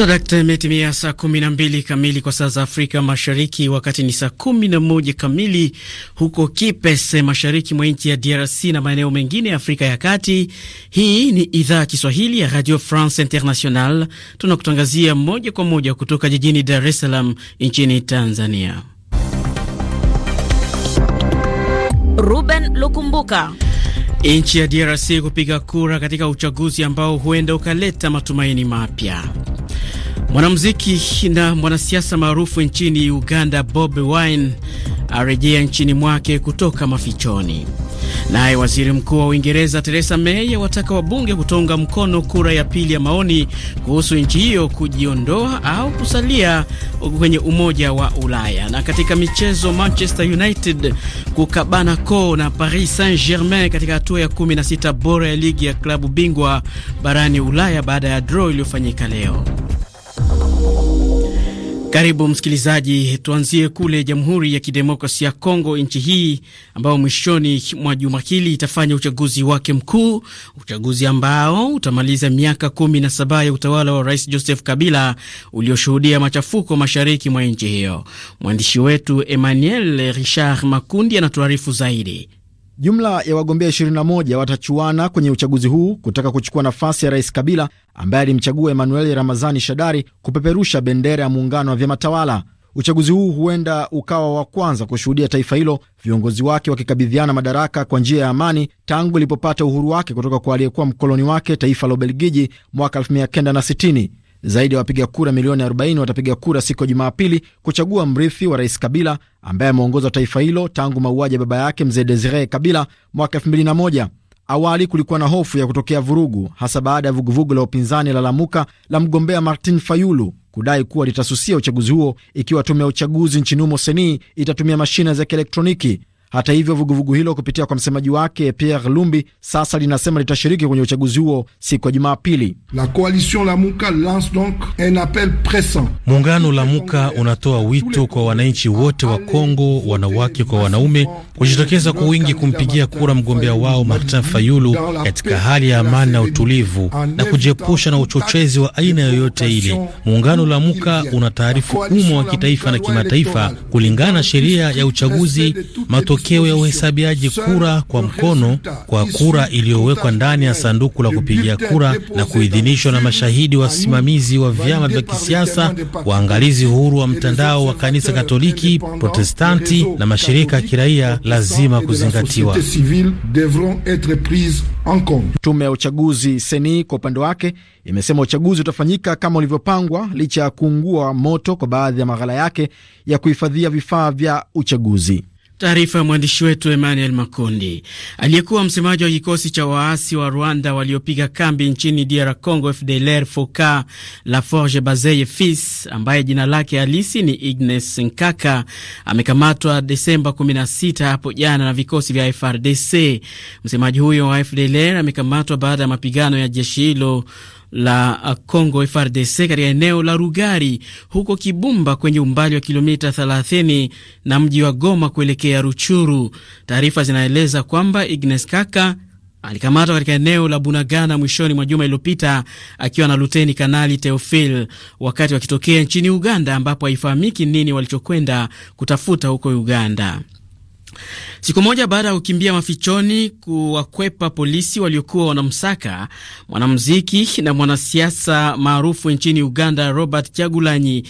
Sadakta, imetimia saa 12 kamili kwa saa za Afrika Mashariki, wakati ni saa 11 kamili huko Kipese, mashariki mwa nchi ya DRC na maeneo mengine ya Afrika ya Kati. Hii ni idhaa ya Kiswahili ya Radio France International, tunakutangazia moja kwa moja kutoka jijini Dar es Salaam nchini Tanzania. Ruben Lukumbuka. Nchi ya DRC kupiga kura katika uchaguzi ambao huenda ukaleta matumaini mapya. Mwanamuziki na mwanasiasa maarufu nchini Uganda Bob Wine arejea nchini mwake kutoka mafichoni. Naye waziri mkuu wa Uingereza Theresa May awataka wabunge kutonga mkono kura ya pili ya maoni kuhusu nchi hiyo kujiondoa au kusalia kwenye Umoja wa Ulaya. Na katika michezo, Manchester United kukabana koo na Paris Saint-Germain katika hatua ya 16 bora ya ligi ya klabu bingwa barani Ulaya baada ya draw iliyofanyika leo. Karibu msikilizaji, tuanzie kule Jamhuri ya Kidemokrasia ya Kongo, nchi hii ambayo mwishoni mwa juma hili itafanya uchaguzi wake mkuu, uchaguzi ambao utamaliza miaka kumi na saba ya utawala wa Rais Joseph Kabila ulioshuhudia machafuko mashariki mwa nchi hiyo. Mwandishi wetu Emmanuel Richard Makundi anatuarifu zaidi. Jumla ya wagombea 21 watachuana kwenye uchaguzi huu kutaka kuchukua nafasi ya Rais Kabila ambaye alimchagua Emmanuel Ramazani Shadari kupeperusha bendera ya muungano wa vyama tawala. Uchaguzi huu huenda ukawa wa kwanza kushuhudia taifa hilo viongozi wake wakikabidhiana madaraka kwa njia ya amani tangu ilipopata uhuru wake kutoka kwa aliyekuwa mkoloni wake taifa la Ubelgiji mwaka 1960. Zaidi ya wapiga kura milioni 40 watapiga kura siku ya Jumapili kuchagua mrithi wa rais Kabila ambaye ameongoza taifa hilo tangu mauaji ya baba yake mzee Desire Kabila mwaka 2001. Awali kulikuwa na hofu ya kutokea vurugu, hasa baada ya vuguvugu la upinzani la Lamuka la mgombea Martin Fayulu kudai kuwa litasusia uchaguzi huo ikiwa tume ya uchaguzi nchini humo Senii itatumia mashine za kielektroniki. Hata hivyo, vuguvugu hilo kupitia kwa msemaji wake Pierre Lumbi sasa linasema litashiriki kwenye uchaguzi huo siku ya Jumapili. Muungano Lamuka unatoa wito kwa wananchi wote wa Kongo, wanawake kwa wanaume, kujitokeza kwa wingi kumpigia kura mgombea wao Martin Fayulu katika hali ya amani na utulivu na kujiepusha na uchochezi wa aina yoyote ile. Muungano Lamuka una taarifu umma wa kitaifa na kimataifa kulingana na sheria ya uchaguzi matokeo ya uhesabiaji kura kwa mkono kwa kura iliyowekwa ndani ya sanduku la kupigia kura na kuidhinishwa na mashahidi, wasimamizi wa vyama vya kisiasa, waangalizi huru wa mtandao wa kanisa Katoliki, Protestanti na mashirika ya kiraia lazima kuzingatiwa. Tume ya uchaguzi seni kwa upande wake imesema uchaguzi utafanyika kama ulivyopangwa licha ya kuungua moto kwa baadhi ya maghala yake ya kuhifadhia vifaa vya uchaguzi. Taarifa ya mwandishi wetu Emmanuel Makundi. Aliyekuwa msemaji wa kikosi cha waasi wa Rwanda waliopiga kambi nchini DR Congo, FDLR, Foka La Forge Bazeye fis ambaye jina lake halisi ni Ignes Nkaka, amekamatwa Desemba 16 hapo jana na vikosi vya FRDC. Msemaji huyo wa FDLR amekamatwa baada ya mapigano ya jeshi hilo la Congo FRDC katika eneo la Rugari huko Kibumba kwenye umbali wa kilomita 30 na mji wa Goma kuelekea Ruchuru. Taarifa zinaeleza kwamba Ignes Kaka alikamatwa katika eneo la Bunagana mwishoni mwa juma iliyopita akiwa na luteni kanali Teofil wakati wakitokea nchini Uganda, ambapo haifahamiki nini walichokwenda kutafuta huko Uganda. Siku moja baada ya kukimbia mafichoni kuwakwepa polisi waliokuwa wanamsaka, mwanamuziki na mwanasiasa maarufu nchini Uganda Robert Chagulanyi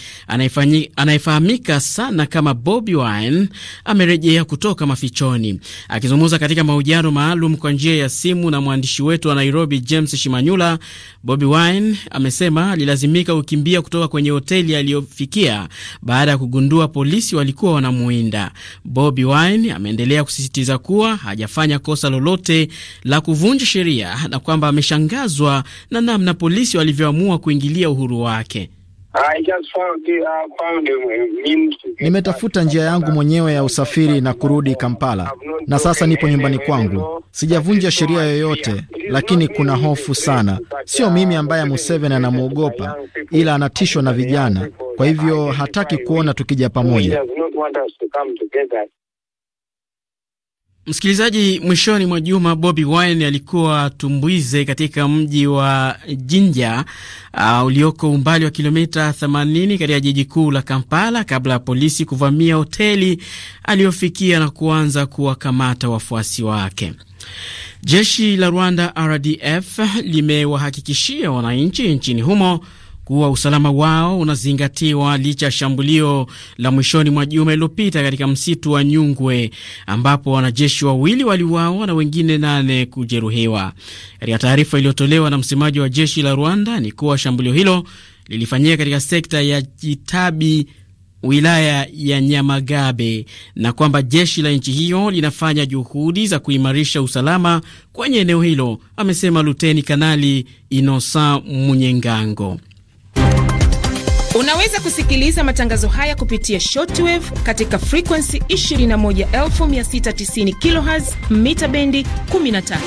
anayefahamika sana kama Bobi Wine amerejea kutoka mafichoni. Akizungumza katika mahojiano maalum kwa njia ya simu na mwandishi wetu wa Nairobi James Shimanyula, Bobi Wine amesema alilazimika kukimbia kutoka kwenye hoteli aliyofikia baada ya kugundua polisi walikuwa wanamuinda. Bobi Wine ameendelea kusisitiza kuwa hajafanya kosa lolote la kuvunja sheria na kwamba ameshangazwa na namna polisi walivyoamua kuingilia uhuru wake. Nimetafuta njia yangu mwenyewe ya usafiri na kurudi Kampala, na sasa nipo nyumbani kwangu. Sijavunja sheria yoyote, lakini kuna hofu sana. Sio mimi ambaye Museveni anamwogopa, ila anatishwa na vijana, kwa hivyo hataki kuona tukija pamoja. Msikilizaji, mwishoni mwa juma Bobi Wine alikuwa tumbwize katika mji wa Jinja uh, ulioko umbali wa kilomita 80 katika jiji kuu la Kampala, kabla ya polisi kuvamia hoteli aliyofikia na kuanza kuwakamata wafuasi wake. Jeshi la Rwanda RDF limewahakikishia wananchi nchini humo kuwa usalama wao unazingatiwa licha ya shambulio la mwishoni mwa juma iliyopita katika msitu wa Nyungwe ambapo wanajeshi wawili waliuawa na wengine nane kujeruhiwa. Katika taarifa iliyotolewa na msemaji wa jeshi la Rwanda ni kuwa shambulio hilo lilifanyika katika sekta ya Kitabi wilaya ya Nyamagabe na kwamba jeshi la nchi hiyo linafanya juhudi za kuimarisha usalama kwenye eneo hilo, amesema Luteni Kanali Innocent Munyengango. Unaweza kusikiliza matangazo haya kupitia shortwave katika frekuensi 21690 kHz mita bendi 13.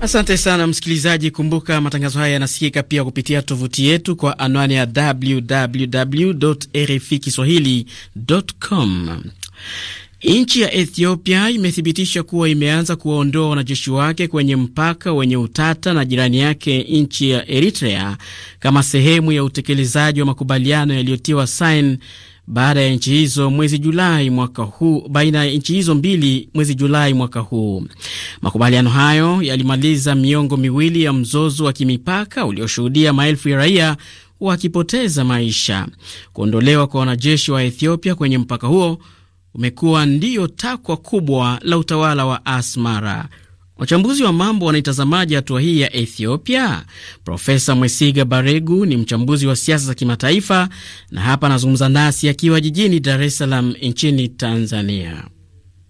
Asante sana msikilizaji, kumbuka matangazo haya yanasikika pia kupitia tovuti yetu kwa anwani ya www kiswahilicom Nchi ya Ethiopia imethibitisha kuwa imeanza kuwaondoa wanajeshi wake kwenye mpaka wenye utata na jirani yake nchi ya Eritrea kama sehemu ya utekelezaji wa makubaliano yaliyotiwa saini baada ya nchi hizo mwezi Julai mwaka huu, baina ya nchi hizo mbili mwezi Julai mwaka huu. Makubaliano hayo yalimaliza miongo miwili ya mzozo wa kimipaka ulioshuhudia maelfu ya raia wakipoteza maisha. Kuondolewa kwa wanajeshi wa Ethiopia kwenye mpaka huo umekuwa ndiyo takwa kubwa la utawala wa Asmara. Wachambuzi wa mambo wanaitazamaje hatua hii ya Ethiopia? Profesa Mwesiga Baregu ni mchambuzi wa siasa za kimataifa na hapa anazungumza nasi akiwa jijini Dar es Salaam nchini Tanzania.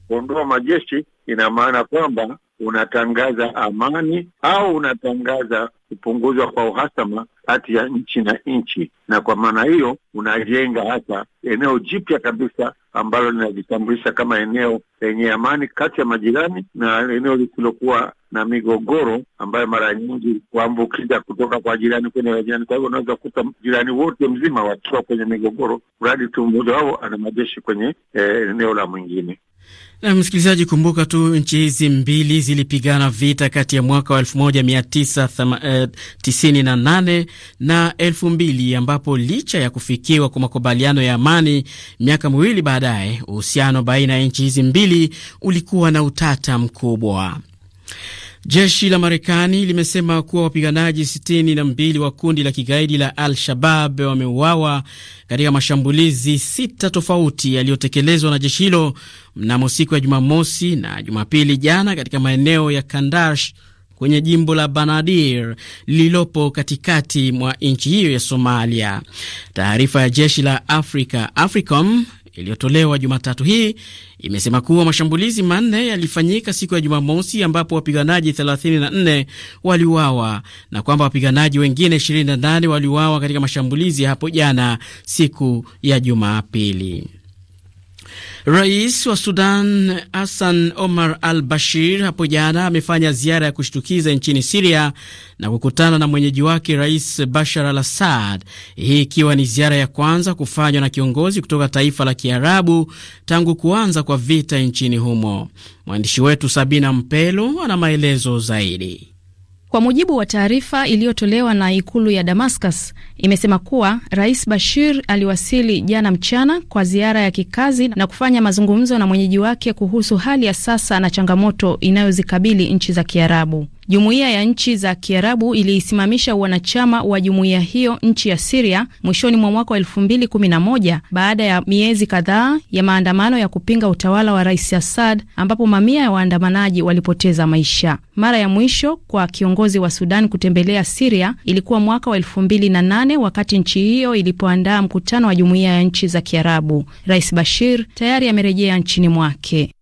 Kuondoa majeshi ina maana kwamba unatangaza amani au unatangaza kupunguzwa kwa uhasama kati ya nchi na nchi, na kwa maana hiyo unajenga hasa eneo jipya kabisa ambalo linajitambulisha kama eneo lenye amani kati ya majirani na eneo lisilokuwa na migogoro ambayo mara nyingi kuambukiza kutoka kwa jirani kwenda jirani. Kwa hivyo unaweza kukuta jirani wote mzima wakiwa kwenye migogoro, mradi tu mmoja wao ana majeshi kwenye eh, eneo la mwingine. Na msikilizaji, kumbuka tu nchi hizi mbili zilipigana vita kati ya mwaka wa 1998 eh, na 2000 ambapo licha ya kufikiwa kwa makubaliano ya amani miaka miwili baadaye, uhusiano baina ya nchi hizi mbili ulikuwa na utata mkubwa. Jeshi la Marekani limesema kuwa wapiganaji 62 wa kundi la kigaidi la Al-Shabab wameuawa katika mashambulizi sita tofauti yaliyotekelezwa na jeshi hilo mnamo siku ya Jumamosi na Jumapili jana katika maeneo ya Kandash kwenye jimbo la Banadir lililopo katikati mwa nchi hiyo ya Somalia. Taarifa ya jeshi la Africa AFRICOM iliyotolewa Jumatatu hii imesema kuwa mashambulizi manne yalifanyika siku ya Jumamosi ambapo wapiganaji 34 waliuawa na kwamba wapiganaji wengine 28 waliuawa katika mashambulizi hapo jana siku ya Jumapili. Rais wa Sudan Hassan Omar al Bashir hapo jana amefanya ziara ya kushtukiza nchini Siria na kukutana na mwenyeji wake Rais Bashar al Assad, hii ikiwa ni ziara ya kwanza kufanywa na kiongozi kutoka taifa la Kiarabu tangu kuanza kwa vita nchini humo. Mwandishi wetu Sabina Mpelo ana maelezo zaidi. Kwa mujibu wa taarifa iliyotolewa na ikulu ya Damascus, imesema kuwa Rais Bashir aliwasili jana mchana kwa ziara ya kikazi na kufanya mazungumzo na mwenyeji wake kuhusu hali ya sasa na changamoto inayozikabili nchi za Kiarabu. Jumuiya ya nchi za Kiarabu iliisimamisha wanachama wa jumuiya hiyo nchi ya Siria mwishoni mwa mwaka wa 2011 baada ya miezi kadhaa ya maandamano ya kupinga utawala wa Rais Assad ambapo mamia ya waandamanaji walipoteza maisha. Mara ya mwisho kwa kiongozi wa Sudan kutembelea Siria ilikuwa mwaka wa 2008 wakati nchi hiyo ilipoandaa mkutano wa jumuiya ya nchi za Kiarabu. Rais Bashir tayari amerejea nchini mwake.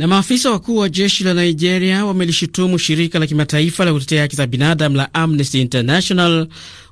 Na maafisa wakuu wa jeshi la Nigeria wamelishutumu shirika la kimataifa la kutetea haki za binadamu la Amnesty International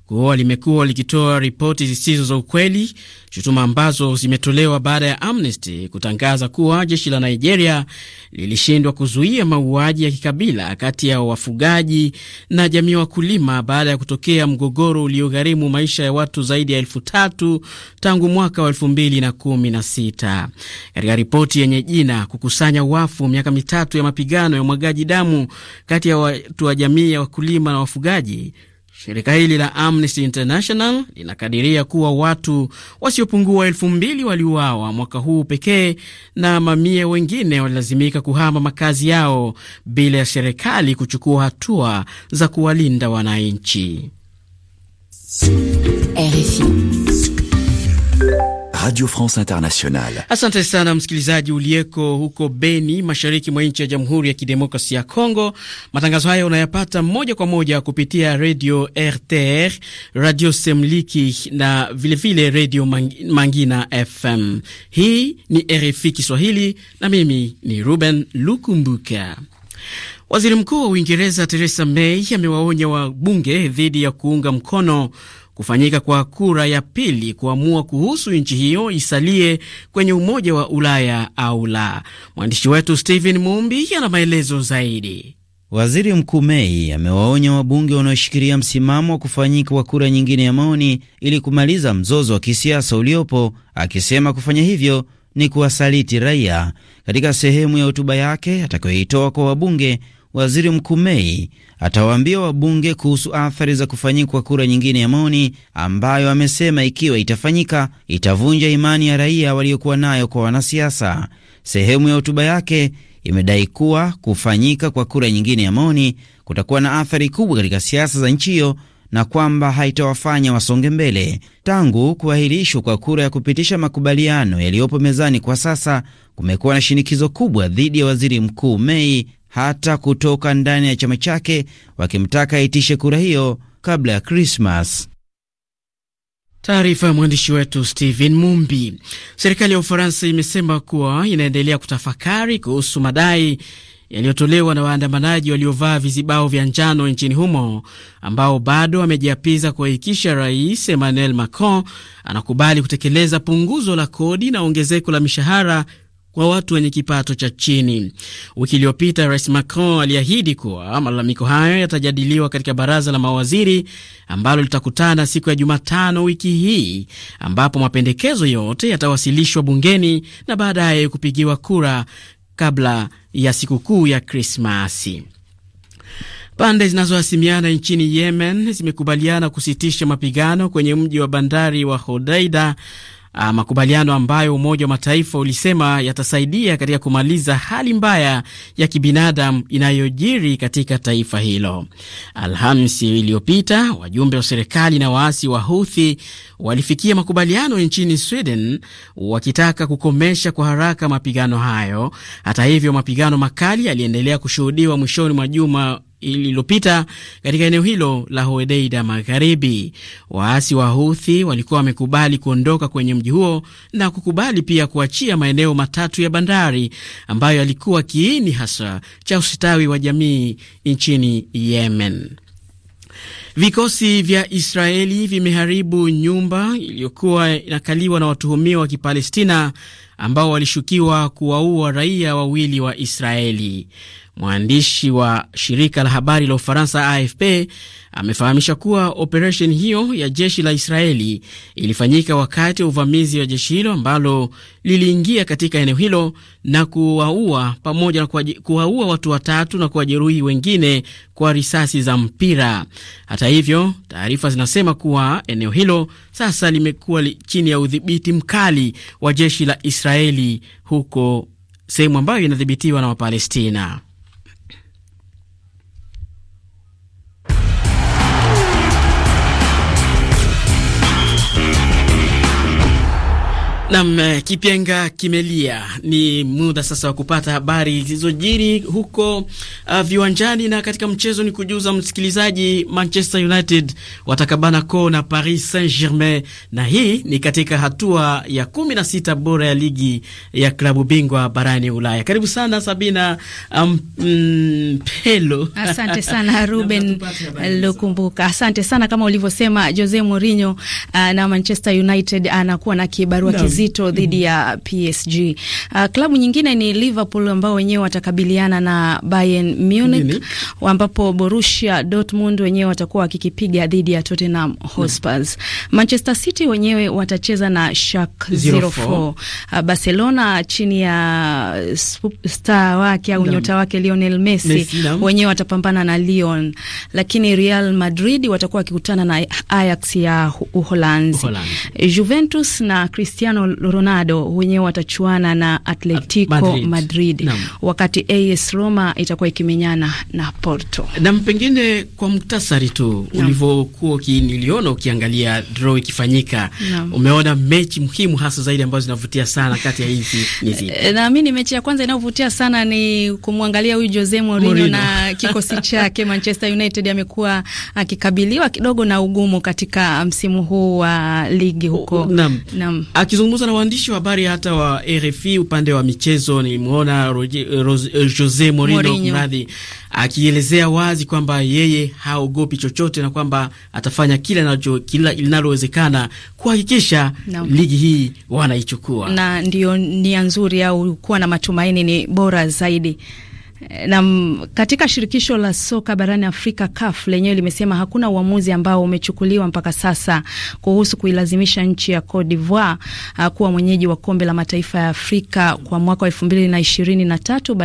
kuwa limekuwa likitoa ripoti zisizo za ukweli, shutuma ambazo zimetolewa baada ya Amnesty kutangaza kuwa jeshi la Nigeria lilishindwa kuzuia mauaji ya kikabila kati ya wafugaji na jamii wakulima baada ya kutokea mgogoro uliogharimu maisha ya watu zaidi ya elfu tatu tangu mwaka wa elfu mbili na kumi na sita. Katika ripoti yenye jina kukusanya wafu, miaka mitatu ya mapigano ya umwagaji damu kati ya watu wa jamii ya wakulima na wafugaji, Shirika hili la Amnesty International linakadiria kuwa watu wasiopungua elfu mbili waliuawa mwaka huu pekee na mamia wengine walilazimika kuhama makazi yao bila ya serikali kuchukua hatua za kuwalinda wananchi. RFI. Radio France Internationale. Asante sana msikilizaji uliyeko huko Beni, mashariki mwa nchi ya Jamhuri ya Kidemokrasi ya Kongo. Matangazo haya unayapata moja kwa moja kupitia Radio RTR, Radio Semliki na vilevile Radio Mangina FM. Hii ni RFI Kiswahili na mimi ni Ruben Lukumbuka. Waziri Mkuu wa Uingereza Theresa May amewaonya wabunge dhidi ya kuunga mkono kufanyika kwa kura ya pili kuamua kuhusu nchi hiyo isalie kwenye Umoja wa Ulaya au la. Mwandishi wetu Stephen Mumbi ana maelezo zaidi. Waziri Mkuu Mei amewaonya wabunge wanaoshikilia msimamo wa kufanyika kwa kura nyingine ya maoni ili kumaliza mzozo wa kisiasa uliopo, akisema kufanya hivyo ni kuwasaliti raia. Katika sehemu ya hotuba yake atakayoitoa kwa wabunge Waziri Mkuu Mei atawaambia wabunge kuhusu athari za kufanyikwa kura nyingine ya maoni, ambayo amesema ikiwa itafanyika itavunja imani ya raia waliokuwa nayo kwa wanasiasa. Sehemu ya hotuba yake imedai kuwa kufanyika kwa kura nyingine ya maoni kutakuwa na athari kubwa katika siasa za nchi hiyo na kwamba haitawafanya wasonge mbele. Tangu kuahirishwa kwa kura ya kupitisha makubaliano yaliyopo mezani kwa sasa, kumekuwa na shinikizo kubwa dhidi ya waziri mkuu Mei hata kutoka ndani ya chama chake, wakimtaka aitishe kura hiyo kabla ya Krismas. Taarifa ya mwandishi wetu Steven Mumbi. Serikali ya Ufaransa imesema kuwa inaendelea kutafakari kuhusu madai yaliyotolewa na waandamanaji waliovaa vizibao vya njano nchini humo ambao bado wamejiapiza kuhakikisha Rais Emmanuel Macron anakubali kutekeleza punguzo la kodi na ongezeko la mishahara kwa watu wenye kipato cha chini. Wiki iliyopita Rais Macron aliahidi kuwa malalamiko hayo yatajadiliwa katika baraza la mawaziri ambalo litakutana siku ya Jumatano wiki hii, ambapo mapendekezo yote yatawasilishwa bungeni na baadaye kupigiwa kura kabla ya sikukuu ya Krismasi. Pande zinazohasimiana nchini Yemen zimekubaliana kusitisha mapigano kwenye mji wa bandari wa Hodeida uh, makubaliano ambayo Umoja wa Mataifa ulisema yatasaidia katika kumaliza hali mbaya ya kibinadamu inayojiri katika taifa hilo. Alhamisi iliyopita wajumbe wa serikali na waasi wa Houthi walifikia makubaliano nchini Sweden wakitaka kukomesha kwa haraka mapigano hayo. Hata hivyo, mapigano makali yaliendelea kushuhudiwa mwishoni mwa juma ililopita katika eneo hilo la Hodeida Magharibi. Waasi wa Houthi walikuwa wamekubali kuondoka kwenye mji huo na kukubali pia kuachia maeneo matatu ya bandari ambayo yalikuwa kiini hasa cha ustawi wa jamii nchini Yemen. Vikosi vya Israeli vimeharibu nyumba iliyokuwa inakaliwa na watuhumiwa wa Kipalestina ambao walishukiwa kuwaua raia wawili wa Israeli. Mwandishi wa shirika la habari la Ufaransa AFP amefahamisha kuwa operesheni hiyo ya jeshi la Israeli ilifanyika wakati wa uvamizi wa jeshi hilo ambalo liliingia katika eneo hilo na kuwaua pamoja na kuwaua watu watatu na kuwajeruhi wengine kwa risasi za mpira. Hata hivyo, taarifa zinasema kuwa eneo hilo sasa limekuwa chini ya udhibiti mkali wa jeshi la Israeli huko sehemu ambayo inadhibitiwa na Wapalestina. Nam eh, kipenga kimelia, ni muda sasa wa kupata habari zilizojiri huko uh, viwanjani. Na katika mchezo ni kujuza msikilizaji, Manchester United watakabana ko na Paris Saint Germain, na hii ni katika hatua ya kumi na sita bora ya ligi ya klabu bingwa barani Ulaya. Karibu sana Sabina um, Mpelo. Um, mm, asante sana Ruben Lukumbuka, asante sana kama ulivyosema Jose Mourinho uh, na Manchester United uh, anakuwa na kibarua mzito mhm. dhidi ya PSG. Uh, ah, klabu nyingine ni Liverpool ambao wenyewe watakabiliana na Bayern Munich, ambapo Borussia Dortmund wenyewe watakuwa wakikipiga dhidi ya Tottenham Hotspur. Mhm. Manchester City wenyewe watacheza na Schalke 04. Uh, Barcelona chini ya star wake au nyota wake Lionel Messi wenyewe watapambana na Lyon, lakini Real Madrid watakuwa wakikutana na Ajax ya Uholanzi. Juventus na Cristiano Ronaldo wenyewe watachuana na Atletico Madrid, Madrid. wakati AS Roma itakuwa ikimenyana na Porto. Na pengine kwa muktasari tu ulivyokuwa niliona ukiangalia draw ikifanyika, umeona mechi muhimu hasa zaidi ambazo zinavutia sana kati ya hizi hizi. Eh, naamini mechi ya kwanza inayovutia sana ni kumwangalia huyu Jose Mourinho, Mourinho na kikosi chake Manchester United amekuwa akikabiliwa kidogo na ugumu katika msimu huu wa ligi huko. Naam. Naam. Akizungumza Akizungumza na waandishi wa habari hata wa RFI upande wa michezo, nilimwona eh, eh, Jose Mourinho mradhi akielezea wazi kwamba yeye haogopi chochote na kwamba atafanya kila linalowezekana kuhakikisha no. ligi hii wanaichukua, na ndio nia nzuri au kuwa na matumaini ni bora zaidi. Eh, na katika shirikisho la soka barani Afrika CAF lenyewe limesema hakuna uamuzi ambao umechukuliwa mpaka sasa kuhusu kuilazimisha nchi ya Cote d'Ivoire ah, kuwa mwenyeji wa kombe la mataifa ya Afrika kwa mwaka wa elfu na tatu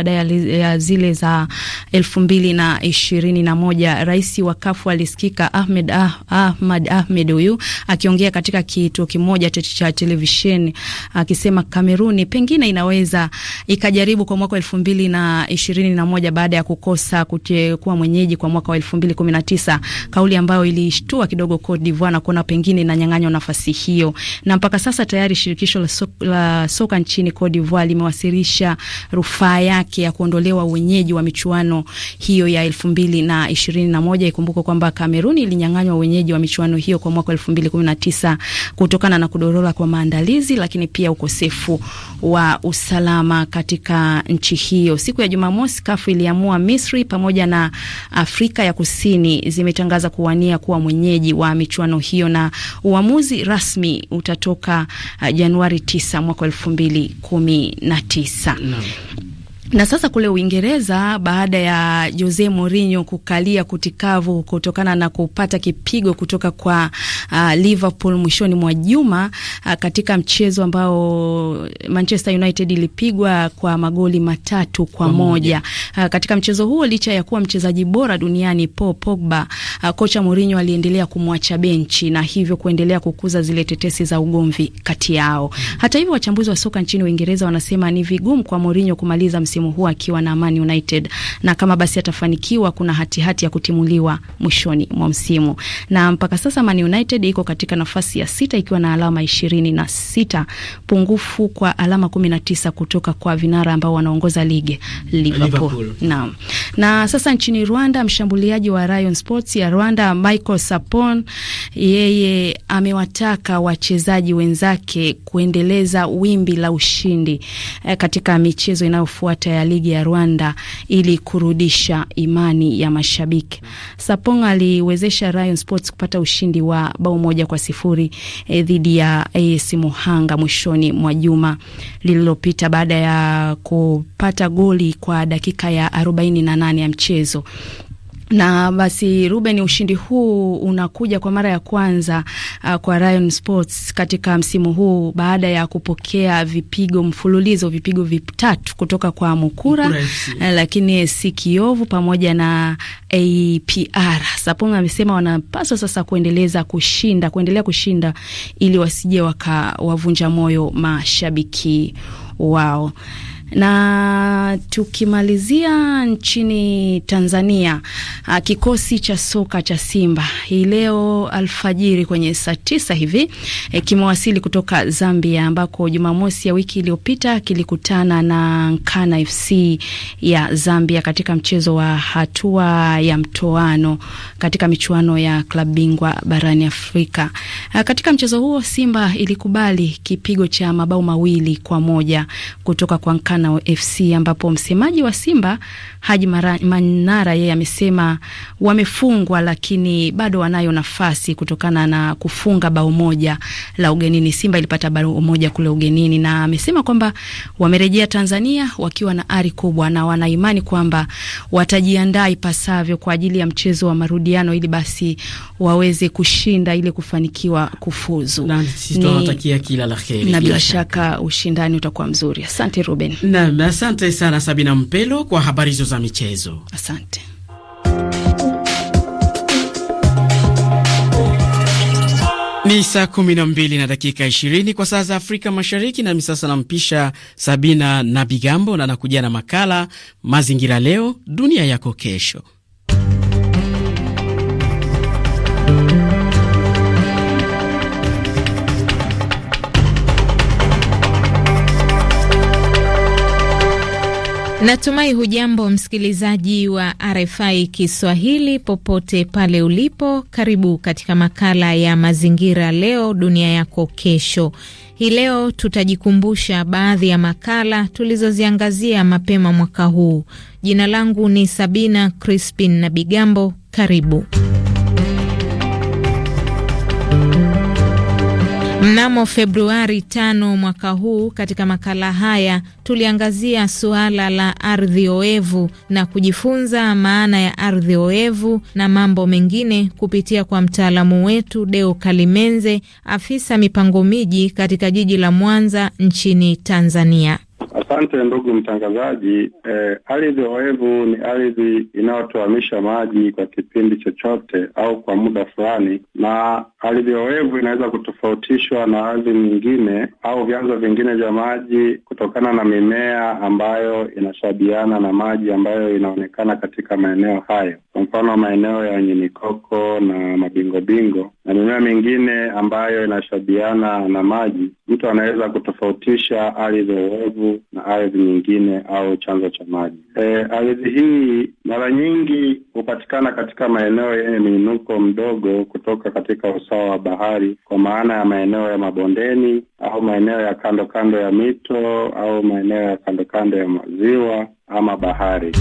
ya zile za elfu na moja. Rais wa CAF alisikika Ahmed ah, Ahmad Ahmed huyu akiongea katika kituo kimoja cha televisheni akisema Kameruni pengine inaweza ikajaribu kwa mwaka wa 21 baada ya kukosa kuwa mwenyeji kwa mwaka wa 2019, kauli ambayo ilishtua kidogo Cote d'Ivoire na kuona pengine inanyang'anywa nafasi hiyo. Na mpaka sasa tayari shirikisho la, so, la soka nchini Cote d'Ivoire limewasilisha rufaa yake ya kuondolewa wenyeji wa michuano hiyo ya 2021. Ikumbuke kwamba Kameruni ilinyang'anywa wenyeji wa michuano hiyo kwa mwaka 2019 kutokana na kudorora kwa maandalizi, lakini pia ukosefu wa usalama katika nchi hiyo. Siku ya Jumamosi Paris, kafu iliamua Misri pamoja na Afrika ya Kusini zimetangaza kuwania kuwa mwenyeji wa michuano hiyo, na uamuzi rasmi utatoka uh, Januari 9 mwaka 2019 na sasa kule Uingereza, baada ya Jose Mourinho kukalia kutikavu kutokana na kupata kipigo kutoka kwa uh, Liverpool mwishoni mwa juma uh, katika mchezo ambao Manchester United ilipigwa kwa magoli matatu kwa moja uh, katika mchezo huo, licha ya kuwa mchezaji bora duniani Paul Pogba, uh, kocha Mourinho aliendelea kumwacha benchi na hivyo kuendelea kukuza zile tetesi za ugomvi kati yao. Hata hivyo, wachambuzi wa soka nchini Uingereza wanasema ni vigumu kwa Mourinho kumaliza msimu msimu huu akiwa na Man United, na kama basi atafanikiwa, kuna hatihati hati ya kutimuliwa mwishoni mwa msimu. Na mpaka sasa Man United iko katika nafasi ya sita ikiwa na alama ishirini na sita pungufu kwa alama kumi na tisa kutoka kwa vinara ambao wanaongoza ligi Liverpool. Na, na sasa nchini Rwanda, mshambuliaji wa Rayon Sports ya Rwanda Michael Sapon yeye amewataka wachezaji wenzake kuendeleza wimbi la ushindi eh, katika michezo inayofuata sekta ya ligi ya Rwanda ili kurudisha imani ya mashabiki. Sapong aliwezesha Rayon Sports kupata ushindi wa bao moja kwa sifuri eh, dhidi ya AS Muhanga mwishoni mwa juma lililopita baada ya kupata goli kwa dakika ya 48 ya mchezo na basi Ruben, ushindi huu unakuja kwa mara ya kwanza uh, kwa Rayon Sports katika msimu huu baada ya kupokea vipigo mfululizo, vipigo vitatu kutoka kwa Mukura, uh, lakini si Kiovu pamoja na APR. Sapong amesema wanapaswa sasa kuendeleza kushinda, kuendelea kushinda ili wasije wakawavunja moyo mashabiki wao. Na tukimalizia nchini Tanzania, a, ah, kikosi cha soka cha Simba hii leo alfajiri kwenye saa tisa hivi e, kimewasili kutoka Zambia ambako Jumamosi ya wiki iliyopita kilikutana na Nkana FC ya Zambia katika mchezo wa hatua ya mtoano katika michuano ya klabu bingwa barani Afrika. A, ah, katika mchezo huo Simba ilikubali kipigo cha mabao mawili kwa moja kutoka kwa Nkana Ngano FC, ambapo msemaji wa Simba Haji Manara yeye amesema wamefungwa, lakini bado wanayo nafasi kutokana na kufunga bao moja la ugenini. Simba ilipata bao moja kule ugenini, na amesema kwamba wamerejea Tanzania wakiwa na ari kubwa na wana imani kwamba watajiandaa ipasavyo kwa ajili ya mchezo wa marudiano, ili basi waweze kushinda ili kufanikiwa kufuzu Na, ni, na bila shaka ushindani utakuwa mzuri. Asante Ruben. Nam, asante sana Sabina Mpelo kwa habari hizo za michezo. Asante. Ni saa kumi na mbili na dakika ishirini kwa saa za Afrika Mashariki, nami sasa nampisha Sabina na Bigambo na nakuja na makala Mazingira Leo Dunia Yako Kesho. Natumai hujambo msikilizaji wa RFI Kiswahili popote pale ulipo. Karibu katika makala ya mazingira leo dunia yako kesho. Hii leo tutajikumbusha baadhi ya makala tulizoziangazia mapema mwaka huu. Jina langu ni Sabina Crispin na Bigambo. Karibu. Mnamo Februari tano mwaka huu, katika makala haya tuliangazia suala la ardhi oevu na kujifunza maana ya ardhi oevu na mambo mengine kupitia kwa mtaalamu wetu Deo Kalimenze, afisa mipango miji katika jiji la Mwanza nchini Tanzania. Asante ndugu mtangazaji. Eh, ardhi oevu ni ardhi inayotoamisha maji kwa kipindi chochote au kwa muda fulani, na ardhi oevu inaweza kutofautishwa na ardhi nyingine au vyanzo vingine vya maji kutokana na mimea ambayo inashabiana na maji ambayo inaonekana katika maeneo hayo, kwa mfano maeneo yenye mikoko na mabingobingo na mimea mingine ambayo inashabiana na maji. Mtu anaweza kutofautisha ardhi oevu na ardhi nyingine au chanzo cha maji. E, ardhi hii mara nyingi hupatikana katika maeneo yenye miinuko mdogo kutoka katika usawa wa bahari, kwa maana ya maeneo ya mabondeni au maeneo ya kando kando ya mito au maeneo ya kando kando ya maziwa ama bahari.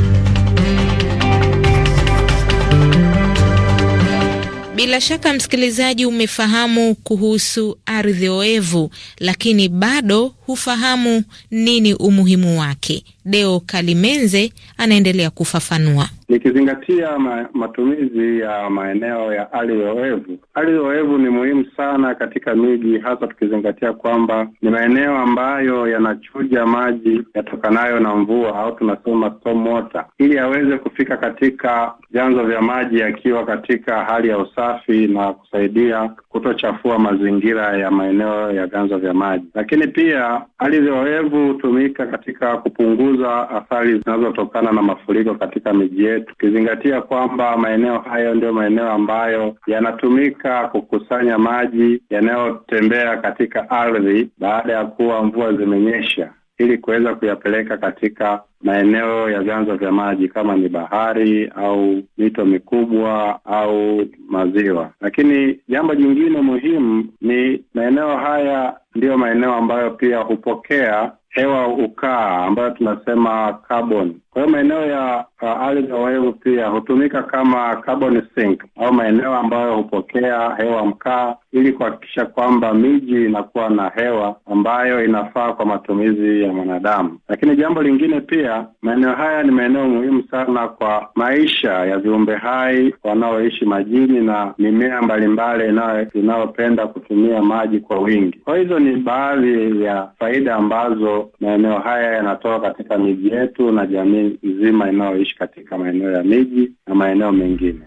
Bila shaka msikilizaji, umefahamu kuhusu ardhi oevu, lakini bado hufahamu nini umuhimu wake. Deo Kalimenze anaendelea kufafanua. Nikizingatia ma, matumizi ya maeneo ya ardhi oevu. Ardhi oevu ni muhimu sana katika miji, hasa tukizingatia kwamba ni maeneo ambayo yanachuja maji yatokanayo na mvua au tunasema storm water, ili yaweze kufika katika vyanzo vya maji yakiwa katika hali ya usafi na kusaidia kutochafua mazingira ya maeneo ya vyanzo vya maji. Lakini pia ardhi oevu hutumika katika kupunguza athari zinazotokana na mafuriko katika miji yetu tukizingatia kwamba maeneo hayo ndio maeneo ambayo yanatumika kukusanya maji yanayotembea katika ardhi baada ya kuwa mvua zimenyesha ili kuweza kuyapeleka katika maeneo ya vyanzo vya maji kama ni bahari au mito mikubwa au maziwa. Lakini jambo jingine muhimu ni maeneo haya ndiyo maeneo ambayo pia hupokea hewa ukaa ambayo tunasema carbon. Kwa hiyo maeneo ya uh, ya waves pia hutumika kama carbon sink au maeneo ambayo hupokea hewa mkaa, ili kuhakikisha kwamba miji inakuwa na hewa ambayo inafaa kwa matumizi ya mwanadamu. Lakini jambo lingine pia, maeneo haya ni maeneo muhimu sana kwa maisha ya viumbe hai wanaoishi majini na mimea mbalimbali inayopenda kutumia maji kwa wingi. Kwa hizo ni baadhi ya faida ambazo maeneo haya yanatoka katika miji yetu na jamii nzima inayoishi katika maeneo ya miji na maeneo mengine.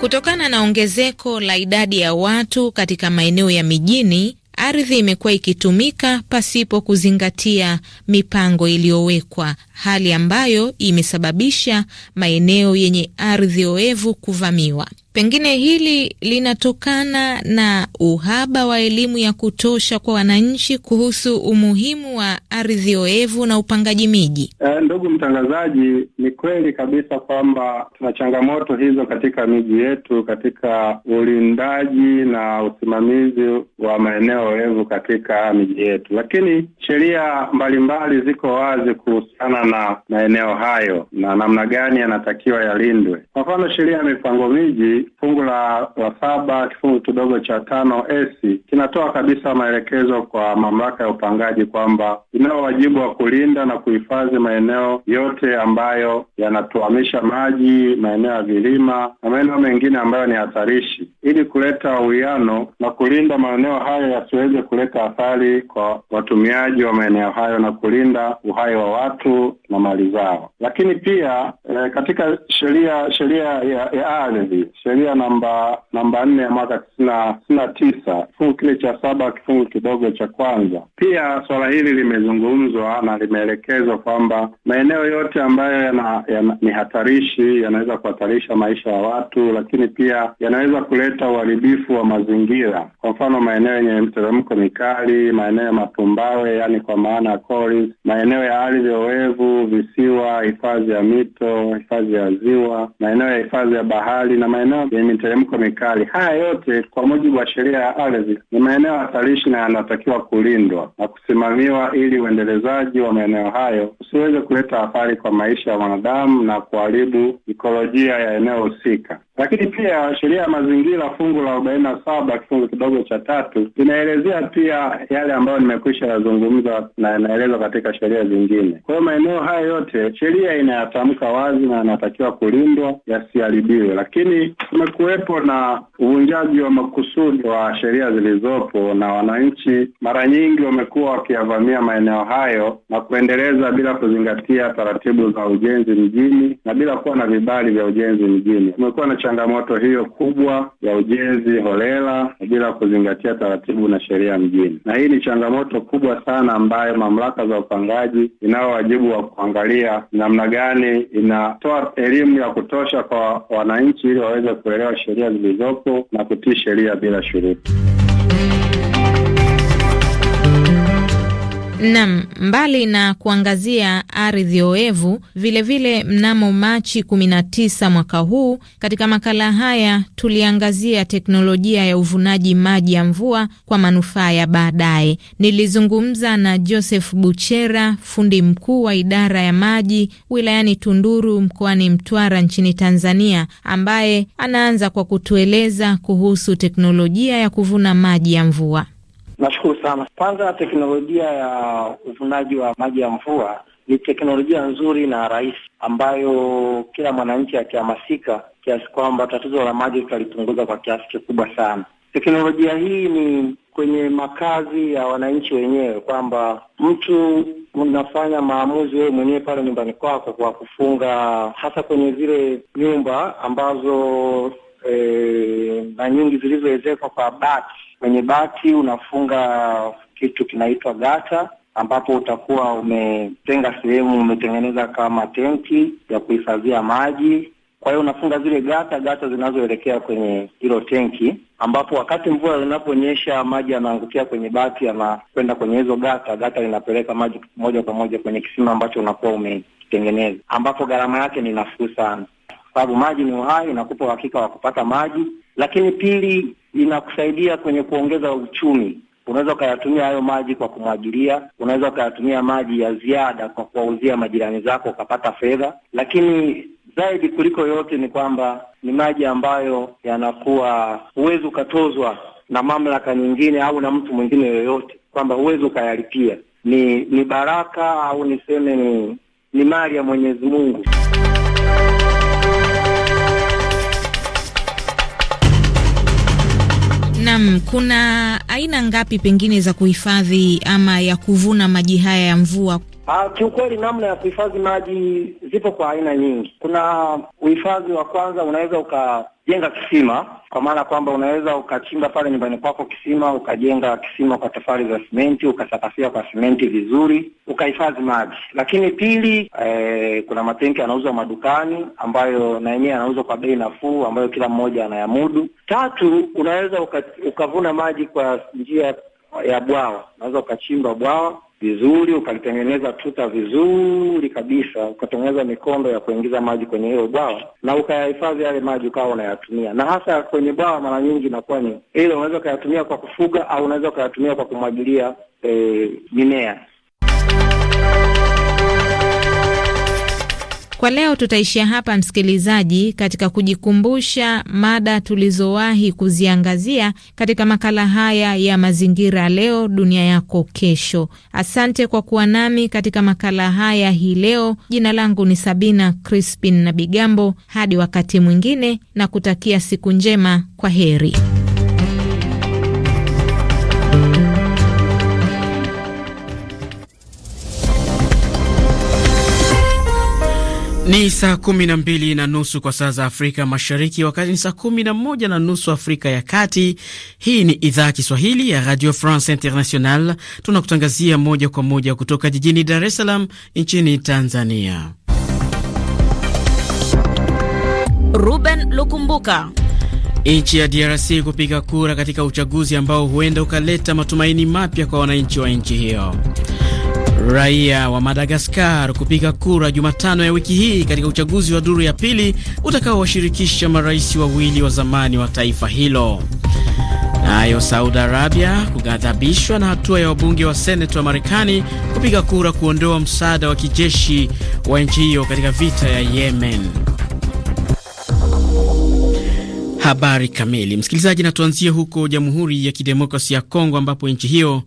Kutokana na ongezeko la idadi ya watu katika maeneo ya mijini, ardhi imekuwa ikitumika pasipo kuzingatia mipango iliyowekwa, hali ambayo imesababisha maeneo yenye ardhi oevu kuvamiwa. Pengine hili linatokana na uhaba wa elimu ya kutosha kwa wananchi kuhusu umuhimu wa ardhi oevu na upangaji miji. E, ndugu mtangazaji, ni kweli kabisa kwamba tuna changamoto hizo katika miji yetu, katika ulindaji na usimamizi wa maeneo oevu katika miji yetu, lakini sheria mbalimbali ziko wazi kuhusiana na maeneo hayo na namna gani yanatakiwa yalindwe. Kwa mfano, sheria ya mipango miji kifungu la, la saba kifungu kidogo cha tano s kinatoa kabisa maelekezo kwa mamlaka ya upangaji kwamba inao wajibu wa kulinda na kuhifadhi maeneo yote ambayo yanatuamisha maji, maeneo ya vilima na maeneo mengine ambayo ni hatarishi, ili kuleta uwiano na kulinda maeneo hayo yasiweze kuleta athari kwa watumiaji wa maeneo hayo na kulinda uhai wa watu na mali zao. Lakini pia eh, katika sheria sheria ya, ya ardhi sheria namba namba nne ya mwaka tisini na tisa kifungu kile cha saba kifungu kidogo cha kwanza. Pia swala hili limezungumzwa na limeelekezwa kwamba maeneo yote ambayo yana, yana, ni hatarishi yanaweza kuhatarisha maisha ya watu, lakini pia yanaweza kuleta uharibifu wa mazingira. Kwa mfano maeneo yenye mteremko mikali, maeneo ya matumbawe, yaani kwa maana ya collins, maeneo ya ardhi oevu, visiwa, hifadhi ya mito, hifadhi ya ziwa, maeneo ya hifadhi ya bahari na maeneo yenye miteremko mikali. Haya yote kwa mujibu wa sheria ya ardhi ni maeneo hatarishi na yanatakiwa kulindwa na kusimamiwa ili uendelezaji wa maeneo hayo usiweze kuleta athari kwa maisha ya mwanadamu na kuharibu ikolojia ya eneo husika. Lakini pia sheria ya mazingira fungu la arobaini na saba kifungu kidogo cha tatu inaelezea pia yale ambayo nimekwisha yazungumza na yanaelezwa katika sheria zingine. Kwa hiyo maeneo haya yote sheria inayatamka wazi na yanatakiwa kulindwa yasiharibiwe, lakini kumekuwepo na uvunjaji wa makusudi wa sheria zilizopo, na wananchi mara nyingi wamekuwa wakiyavamia maeneo hayo na kuendeleza bila kuzingatia taratibu za ujenzi mjini na bila kuwa na vibali vya ujenzi mjini. Kumekuwa na changamoto hiyo kubwa ya ujenzi holela bila kuzingatia taratibu na sheria mjini, na hii ni changamoto kubwa sana ambayo mamlaka za upangaji inao wajibu wa kuangalia namna gani inatoa elimu ya kutosha kwa wananchi ili waweze kuelewa sheria zilizopo na kutii sheria bila shuruti. Nam, mbali na kuangazia ardhi oevu, vilevile mnamo Machi 19 mwaka huu, katika makala haya tuliangazia teknolojia ya uvunaji maji ya mvua kwa manufaa ya baadaye. Nilizungumza na Joseph Buchera, fundi mkuu wa idara ya maji wilayani Tunduru mkoani Mtwara nchini Tanzania, ambaye anaanza kwa kutueleza kuhusu teknolojia ya kuvuna maji ya mvua. Nashukuru sana. Kwanza, teknolojia ya uvunaji wa maji ya mvua ni teknolojia nzuri na rahisi ambayo kila mwananchi akihamasika, kiasi kwamba tatizo la maji tutalipunguza kwa kiasi kikubwa sana. Teknolojia hii ni kwenye makazi ya wananchi wenyewe, kwamba mtu unafanya maamuzi wewe mwenyewe pale nyumbani kwako kwa kufunga, hasa kwenye zile nyumba ambazo e, na nyingi zilizoezekwa kwa bati Kwenye bati unafunga kitu kinaitwa gata ambapo utakuwa umetenga sehemu, umetengeneza kama tenki ya kuhifadhia maji. Kwa hiyo unafunga zile gata gata zinazoelekea kwenye hilo tenki, ambapo wakati mvua inaponyesha maji yanaangukia kwenye bati, yanakwenda kwenye hizo gata gata, linapeleka maji moja kwa moja kwenye kisima ambacho unakuwa umekitengeneza, ambapo gharama yake ni nafuu sana, sababu maji ni uhai, inakupa uhakika wa kupata maji. Lakini pili inakusaidia kwenye kuongeza uchumi. Unaweza ukayatumia hayo maji kwa kumwagilia, unaweza ukayatumia maji ya ziada kwa kuwauzia majirani zako ukapata fedha, lakini zaidi kuliko yote ni kwamba ni maji ambayo yanakuwa huwezi ukatozwa na mamlaka nyingine au na mtu mwingine yoyote, kwamba huwezi ukayalipia. Ni ni baraka au niseme ni ni mali ya Mwenyezi Mungu. nam kuna aina ngapi pengine za kuhifadhi ama ya kuvuna maji haya ya mvua? Ah, kiukweli namna ya kuhifadhi maji zipo kwa aina nyingi. Kuna uhifadhi wa kwanza, unaweza ukajenga kisima, kwa maana kwamba unaweza ukachimba pale nyumbani kwako kisima, ukajenga kisima kwa tofali za simenti, ukasakafia kwa simenti vizuri, ukahifadhi maji. Lakini pili, eh, kuna matenki yanauzwa madukani ambayo na yenyewe yanauzwa kwa bei nafuu ambayo kila mmoja anayamudu. Tatu, unaweza uka, ukavuna maji kwa njia ya bwawa, unaweza ukachimba bwawa vizuri, ukalitengeneza tuta vizuri kabisa, ukatengeneza mikondo ya kuingiza maji kwenye hiyo bwawa na ukayahifadhi yale maji, ukawa unayatumia. Na hasa kwenye bwawa, mara nyingi inakuwa ni ile, unaweza ukayatumia kwa kufuga au unaweza ukayatumia kwa kumwagilia e, mimea Kwa leo tutaishia hapa, msikilizaji, katika kujikumbusha mada tulizowahi kuziangazia katika makala haya ya mazingira, leo dunia yako kesho. Asante kwa kuwa nami katika makala haya hii leo. Jina langu ni Sabina Crispin na Bigambo. Hadi wakati mwingine, na kutakia siku njema. Kwa heri. Ni saa kumi na mbili na nusu kwa saa za Afrika Mashariki, wakati ni saa kumi na moja na nusu Afrika ya Kati. Hii ni idhaa Kiswahili ya Radio France International, tunakutangazia moja kwa moja kutoka jijini Dar es Salaam nchini Tanzania. Ruben Lukumbuka. Nchi ya DRC kupiga kura katika uchaguzi ambao huenda ukaleta matumaini mapya kwa wananchi wa nchi hiyo. Raia wa Madagaskar kupiga kura Jumatano ya wiki hii katika uchaguzi wa duru ya pili utakaowashirikisha marais wawili wa zamani wa taifa hilo. Nayo Saudi Arabia kughadhabishwa na hatua ya wabunge wa seneti wa Marekani kupiga kura kuondoa msaada wa kijeshi wa nchi hiyo katika vita ya Yemen. Habari kamili, msikilizaji, na tuanzie huko Jamhuri ya Kidemokrasia ya Kongo ambapo nchi hiyo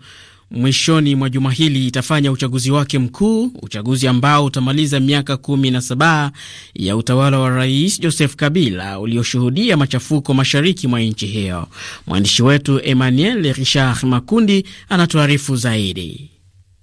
mwishoni mwa juma hili itafanya uchaguzi wake mkuu, uchaguzi ambao utamaliza miaka 17 ya utawala wa Rais Joseph Kabila ulioshuhudia machafuko mashariki mwa nchi hiyo. Mwandishi wetu Emmanuel Richard Makundi anatuarifu zaidi.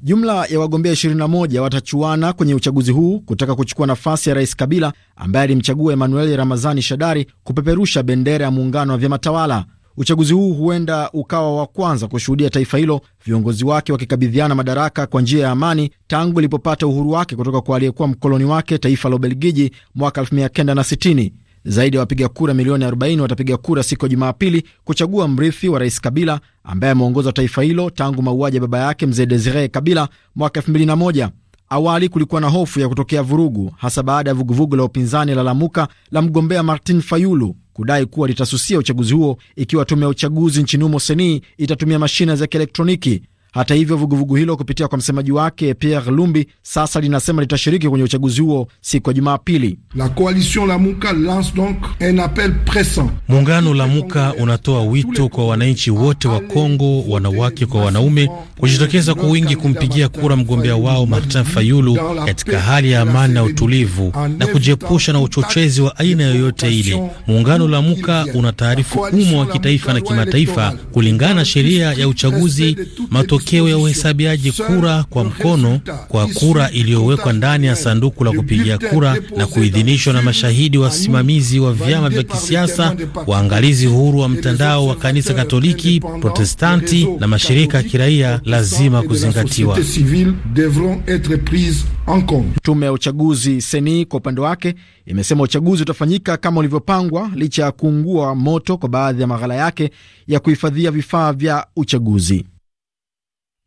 Jumla ya wagombea 21 watachuana kwenye uchaguzi huu kutaka kuchukua nafasi ya rais Kabila ambaye alimchagua Emmanuel Ramazani Shadari kupeperusha bendera ya muungano wa vyama tawala. Uchaguzi huu huenda ukawa wa kwanza kushuhudia taifa hilo viongozi wake wakikabidhiana madaraka kwa njia ya amani tangu ilipopata uhuru wake kutoka kwa aliyekuwa mkoloni wake taifa la Ubelgiji mwaka 1960. Zaidi ya wapiga kura milioni 40 watapiga kura siku ya Jumapili kuchagua mrithi wa rais Kabila ambaye ameongoza taifa hilo tangu mauaji ya baba yake mzee Desire Kabila mwaka 2001. Awali kulikuwa na hofu ya kutokea vurugu, hasa baada ya vuguvugu la upinzani la Lamuka la mgombea Martin Fayulu kudai kuwa litasusia uchaguzi huo ikiwa tume ya uchaguzi nchini humo seni itatumia mashine za kielektroniki hata hivyo, vuguvugu hilo kupitia kwa msemaji wake Pierre Lumbi sasa linasema litashiriki kwenye uchaguzi huo siku ya Jumapili. Muungano Lamuka unatoa wito kwa wananchi wote wa Kongo, wanawake kwa wanaume, kujitokeza kwa wingi kumpigia kura mgombea wao Martin Fayulu katika hali ya amani na utulivu na kujiepusha na uchochezi wa aina yoyote ile. Muungano Lamuka una taarifu umma wa kitaifa na kimataifa kulingana na sheria ya uchaguzi matokeo matokeo ya uhesabiaji kura kwa mkono kwa kura iliyowekwa ndani ya sanduku la kupigia kura na kuidhinishwa na mashahidi, wasimamizi wa vyama vya kisiasa, waangalizi huru wa mtandao wa kanisa Katoliki, Protestanti na mashirika ya kiraia lazima kuzingatiwa. Tume ya uchaguzi seni kwa upande wake imesema uchaguzi utafanyika kama ulivyopangwa licha ya kuungua moto kwa baadhi ya maghala yake ya kuhifadhia vifaa vya uchaguzi.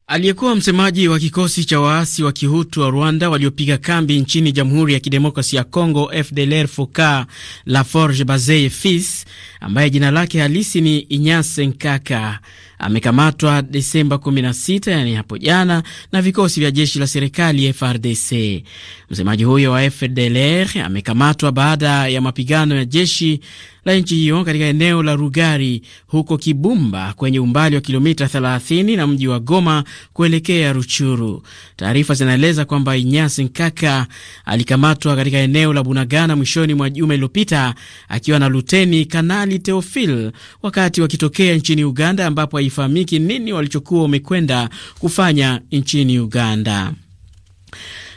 Aliyekuwa msemaji wa kikosi cha waasi wa kihutu wa Rwanda waliopiga kambi nchini Jamhuri ya Kidemokrasi ya congo FDLR Foka Laforge Bazeye Fils ambaye jina lake halisi ni Inyase Nkaka amekamatwa Desemba 16, yani hapo jana, na vikosi vya jeshi la serikali FRDC. Msemaji huyo wa FDLR amekamatwa baada ya mapigano ya jeshi la nchi hiyo katika eneo la Rugari huko Kibumba, kwenye umbali wa kilomita 30 na mji wa Goma kuelekea Ruchuru. Taarifa zinaeleza kwamba Inyasi Nkaka alikamatwa katika eneo la Bunagana mwishoni mwa juma iliyopita akiwa na luteni kanali Kanali Teofil wakati wakitokea nchini Uganda, ambapo haifahamiki nini walichokuwa wamekwenda kufanya nchini Uganda.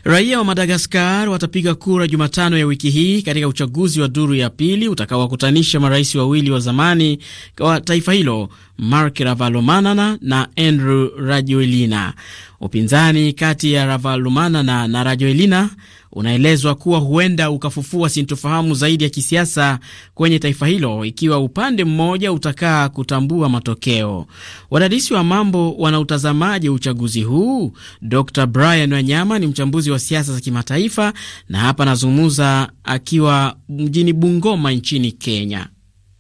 Raia wa Madagaskar watapiga kura Jumatano ya wiki hii katika uchaguzi wa duru ya pili utakaowakutanisha marais wawili wa zamani wa taifa hilo, Marc Ravalomanana na Andry Rajoelina. Upinzani kati ya Ravalomanana na Rajoelina unaelezwa kuwa huenda ukafufua sintofahamu zaidi ya kisiasa kwenye taifa hilo ikiwa upande mmoja utakaa kutambua matokeo. Wadadisi wa mambo wanautazamaje uchaguzi huu? Dr Brian Wanyama ni mchambuzi wa siasa za kimataifa na hapa anazungumza akiwa mjini Bungoma nchini Kenya.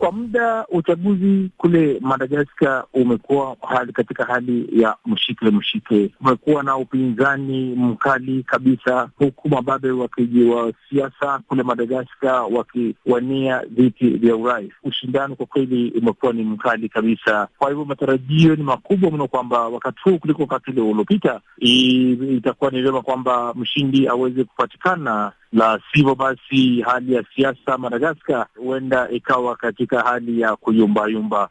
Kwa muda uchaguzi kule Madagaskar umekuwa hali katika hali ya mshike mshike. Kumekuwa na upinzani mkali kabisa, huku mababe wakijiwa siasa kule Madagaskar wakiwania viti vya urais. ushindano kwa kweli umekuwa ni mkali kabisa, kwa hivyo matarajio ni makubwa mno kwamba wakati huu kuliko wakati ule uliopita itakuwa ni vyema kwamba mshindi aweze kupatikana la sivyo basi hali ya siasa Madagaskar huenda ikawa katika hali ya kuyumbayumba.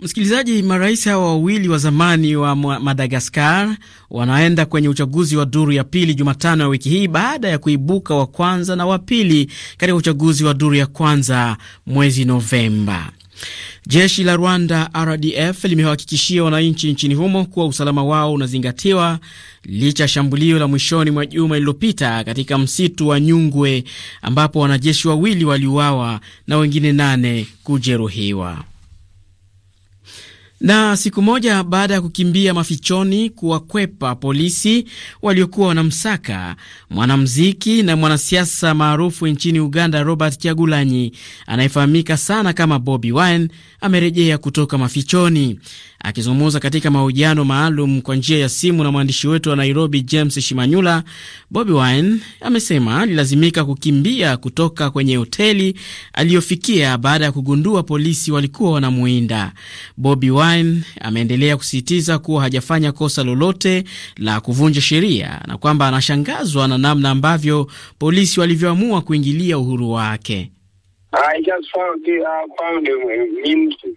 Msikilizaji, marais hawa wawili wa zamani wa Madagaskar wanaenda kwenye uchaguzi wa duru ya pili Jumatano ya wiki hii baada ya kuibuka wa kwanza na wa pili katika uchaguzi wa duru ya kwanza mwezi Novemba. Jeshi la Rwanda RDF limewahakikishia wananchi nchini humo kuwa usalama wao unazingatiwa licha ya shambulio la mwishoni mwa juma lililopita katika msitu wa Nyungwe ambapo wanajeshi wawili waliuawa na wengine nane kujeruhiwa. Na siku moja baada ya kukimbia mafichoni kuwakwepa polisi waliokuwa wanamsaka, mwanamuziki na mwanasiasa maarufu nchini Uganda Robert Kyagulanyi anayefahamika sana kama Bobi Wine amerejea kutoka mafichoni. Akizungumza katika mahojiano maalum kwa njia ya simu na mwandishi wetu wa Nairobi James Shimanyula, Bobi Wine amesema alilazimika kukimbia kutoka kwenye hoteli aliyofikia baada ya kugundua polisi walikuwa wanamuinda Bobi Wine Stein ameendelea kusisitiza kuwa hajafanya kosa lolote la kuvunja sheria na kwamba anashangazwa na namna ambavyo polisi walivyoamua kuingilia uhuru wake.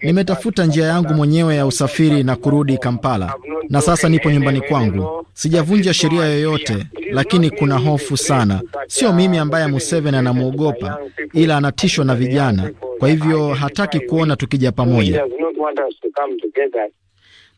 Nimetafuta njia yangu mwenyewe ya usafiri na kurudi Kampala, na sasa nipo nyumbani kwangu. Sijavunja sheria yoyote, lakini kuna hofu sana. Sio mimi ambaye Museveni anamwogopa, ila anatishwa na vijana, kwa hivyo hataki kuona tukija pamoja.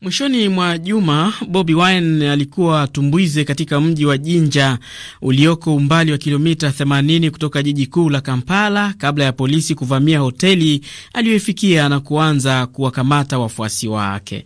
Mwishoni mwa juma Bobi Wine alikuwa atumbwize katika mji wa Jinja ulioko umbali wa kilomita 80 kutoka jiji kuu la Kampala, kabla ya polisi kuvamia hoteli aliyoifikia na kuanza kuwakamata wafuasi wake.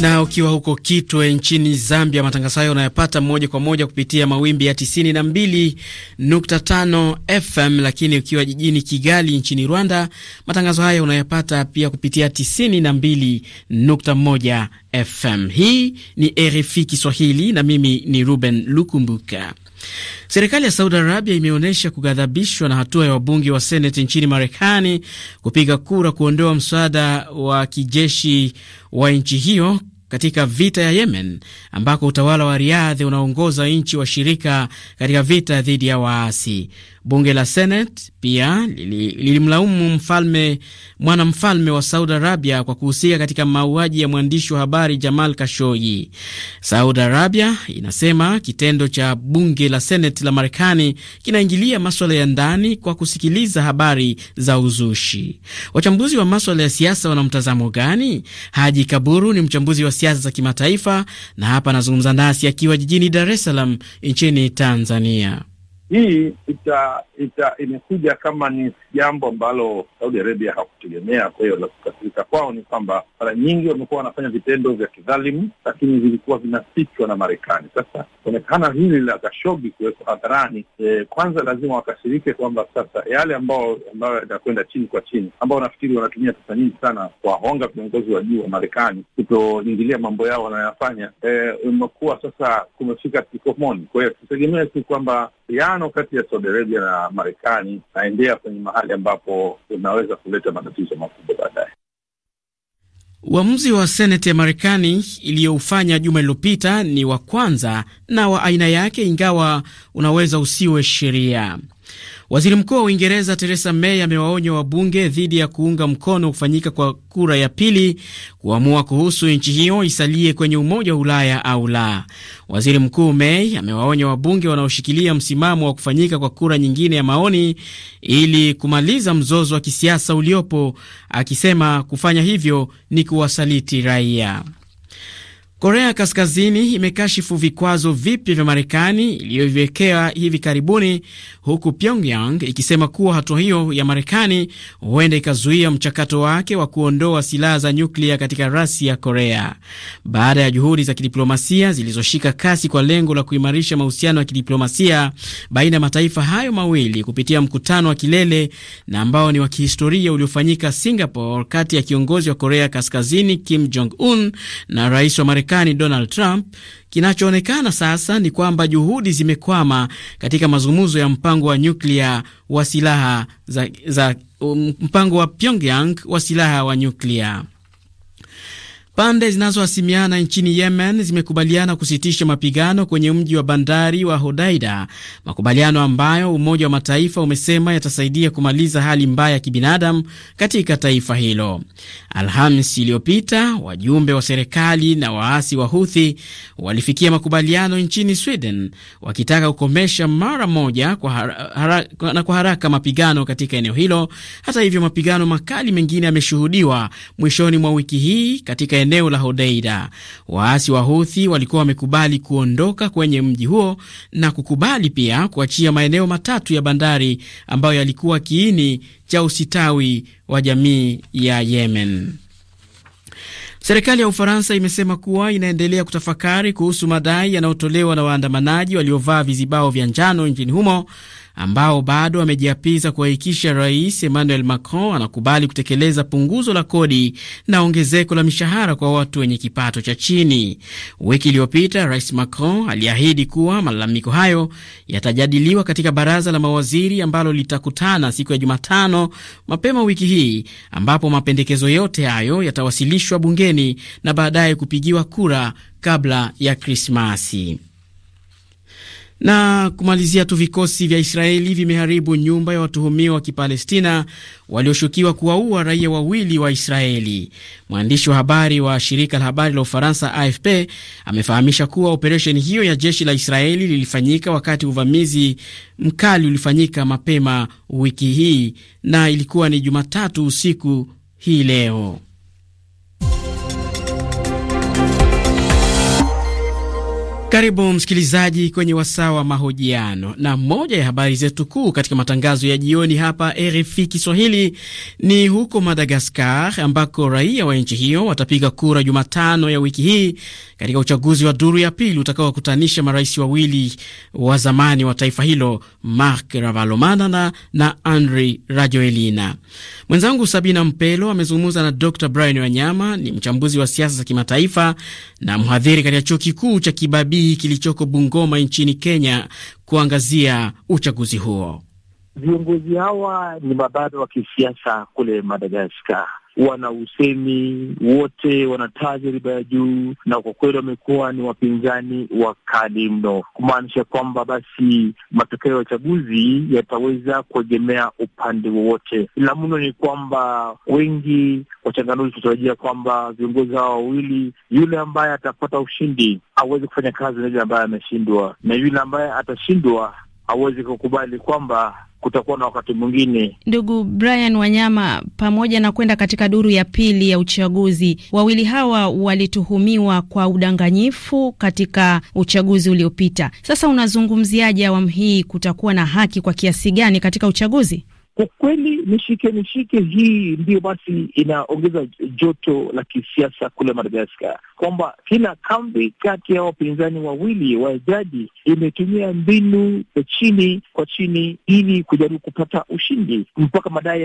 na ukiwa huko Kitwe nchini Zambia, matangazo hayo unayopata moja kwa moja kupitia mawimbi ya 92.5 FM, lakini ukiwa jijini Kigali nchini Rwanda, matangazo hayo unayapata pia kupitia 92.1 FM. Hii ni RFI Kiswahili na mimi ni Ruben Lukumbuka. Serikali ya Saudi Arabia imeonyesha kughadhabishwa na hatua ya wabunge wa seneti nchini Marekani kupiga kura kuondoa msaada wa kijeshi wa nchi hiyo katika vita ya Yemen ambako utawala wa Riadhi unaongoza nchi washirika katika vita dhidi ya waasi. Bunge la Senate pia lilimlaumu mfalme mwanamfalme wa Saudi Arabia kwa kuhusika katika mauaji ya mwandishi wa habari Jamal kashoyi Saudi Arabia inasema kitendo cha bunge la Senate la Marekani kinaingilia maswala ya ndani kwa kusikiliza habari za uzushi. Wachambuzi wa maswala ya siasa wana mtazamo gani? Haji Kaburu ni mchambuzi wa siasa za kimataifa, na hapa anazungumza nasi akiwa jijini Dar es Salaam nchini Tanzania hii ita, ita imekuja kama ni jambo ambalo Saudi Arabia hakutegemea. Kwa hiyo la kukasirika kwao ni kwamba mara nyingi wamekuwa wanafanya vitendo vya kidhalimu, lakini vilikuwa vinafichwa na Marekani. Sasa kuonekana hili la Kashogi kuwekwa hadharani, e, kwanza lazima wakasirike kwamba sasa yale ambao ambayo yanakwenda chini kwa chini, ambao nafikiri wanatumia pesa nyingi sana kuwahonga viongozi wa juu wa Marekani kutoingilia mambo yao wanayofanya, eh, imekuwa sasa kumefika kikomoni. Kwa hiyo tutegemee tu kwamba uhusiano kati ya Saudi Arabia na Marekani naendea kwenye mahali ambapo unaweza kuleta matatizo makubwa baadaye. Uamuzi wa seneti ya Marekani iliyoufanya juma lililopita ni wa kwanza na wa aina yake, ingawa unaweza usiwe sheria. Waziri Mkuu wa Uingereza Theresa May amewaonya wabunge dhidi ya kuunga mkono kufanyika kwa kura ya pili kuamua kuhusu nchi hiyo isalie kwenye Umoja wa Ulaya au la. Waziri Mkuu May amewaonya wabunge wanaoshikilia msimamo wa kufanyika kwa kura nyingine ya maoni ili kumaliza mzozo wa kisiasa uliopo, akisema kufanya hivyo ni kuwasaliti raia. Korea Kaskazini imekashifu vikwazo vipya vya Marekani iliyoviwekea hivi karibuni, huku Pyongyang ikisema kuwa hatua hiyo ya Marekani huenda ikazuia mchakato wake wa kuondoa silaha za nyuklia katika rasi ya Korea. Baada ya juhudi za kidiplomasia zilizoshika kasi kwa lengo la kuimarisha mahusiano ya kidiplomasia baina ya mataifa hayo mawili kupitia mkutano wa kilele na ambao ni wa kihistoria uliofanyika Singapore kati ya kiongozi wa Korea Kaskazini Kim Jong Un na rais wa Marekani Marekani Donald Trump, kinachoonekana sasa ni kwamba juhudi zimekwama katika mazungumzo ya mpango wa nyuklia wa silaha za, za um, mpango wa Pyongyang wa silaha wa nyuklia. Pande zinazohasimiana nchini Yemen zimekubaliana kusitisha mapigano kwenye mji wa bandari wa Hodaida, makubaliano ambayo Umoja wa Mataifa umesema yatasaidia kumaliza hali mbaya ya kibinadamu katika taifa hilo. Alhamis iliyopita wajumbe wa serikali na waasi wa Huthi walifikia makubaliano nchini Sweden wakitaka kukomesha mara moja kwa haraka, na kwa haraka mapigano katika eneo hilo. Hata hivyo, mapigano makali mengine yameshuhudiwa mwishoni mwa wiki hii katika eneo la Hodeida. Waasi wa Huthi walikuwa wamekubali kuondoka kwenye mji huo na kukubali pia kuachia maeneo matatu ya bandari ambayo yalikuwa kiini cha usitawi wa jamii ya Yemen. Serikali ya Ufaransa imesema kuwa inaendelea kutafakari kuhusu madai yanayotolewa na waandamanaji waliovaa vizibao vya njano nchini humo ambao bado wamejiapiza kuhakikisha Rais Emmanuel Macron anakubali kutekeleza punguzo la kodi na ongezeko la mishahara kwa watu wenye kipato cha chini. Wiki iliyopita, Rais Macron aliahidi kuwa malalamiko hayo yatajadiliwa katika baraza la mawaziri ambalo litakutana siku ya Jumatano mapema wiki hii, ambapo mapendekezo yote hayo yatawasilishwa bungeni na baadaye kupigiwa kura kabla ya Krismasi. Na kumalizia tu, vikosi vya Israeli vimeharibu nyumba ya watuhumiwa wa Kipalestina walioshukiwa kuwaua raia wawili wa Israeli. Mwandishi wa habari wa shirika la habari la Ufaransa AFP amefahamisha kuwa operesheni hiyo ya jeshi la Israeli lilifanyika wakati uvamizi mkali ulifanyika mapema wiki hii na ilikuwa ni Jumatatu usiku hii leo. Karibu msikilizaji kwenye wasaa wa mahojiano, na moja ya habari zetu kuu katika matangazo ya jioni hapa RFI Kiswahili ni huko Madagaskar, ambako raia wa nchi hiyo watapiga kura Jumatano ya wiki hii katika uchaguzi wa duru ya pili utakaowakutanisha marais wawili wa zamani wa taifa hilo, Marc Ravalomanana na Andry Rajoelina. Mwenzangu Sabina Mpelo amezungumza na Dr Brian Wanyama, ni mchambuzi wa siasa za kimataifa na mhadhiri katika chuo kikuu cha Kibabii bidii kilichoko Bungoma nchini Kenya kuangazia uchaguzi huo. Viongozi hawa ni mabado wa kisiasa kule Madagaskar wana usemi wote, wana tajriba ya juu, na kwa kweli wamekuwa ni wapinzani wakali mno, kumaanisha kwamba basi matokeo ya uchaguzi yataweza kuegemea upande wowote. La mno ni kwamba wengi wachanganuzi tunatarajia kwamba viongozi hawa wawili, yule ambaye atapata ushindi aweze kufanya kazi na yule ambaye ameshindwa, na yule ambaye atashindwa aweze kukubali kwamba kutakuwa na wakati mwingine. Ndugu Brian Wanyama, pamoja na kwenda katika duru ya pili ya uchaguzi, wawili hawa walituhumiwa kwa udanganyifu katika uchaguzi uliopita. Sasa unazungumziaje awamu hii, kutakuwa na haki kwa kiasi gani katika uchaguzi? Kwa kweli mishike mishike hii ndiyo basi inaongeza joto la kisiasa kule Madagaskar, kwamba kila kambi kati ya wapinzani wawili wa jadi imetumia mbinu ya chini kwa chini ili kujaribu kupata ushindi, mpaka madai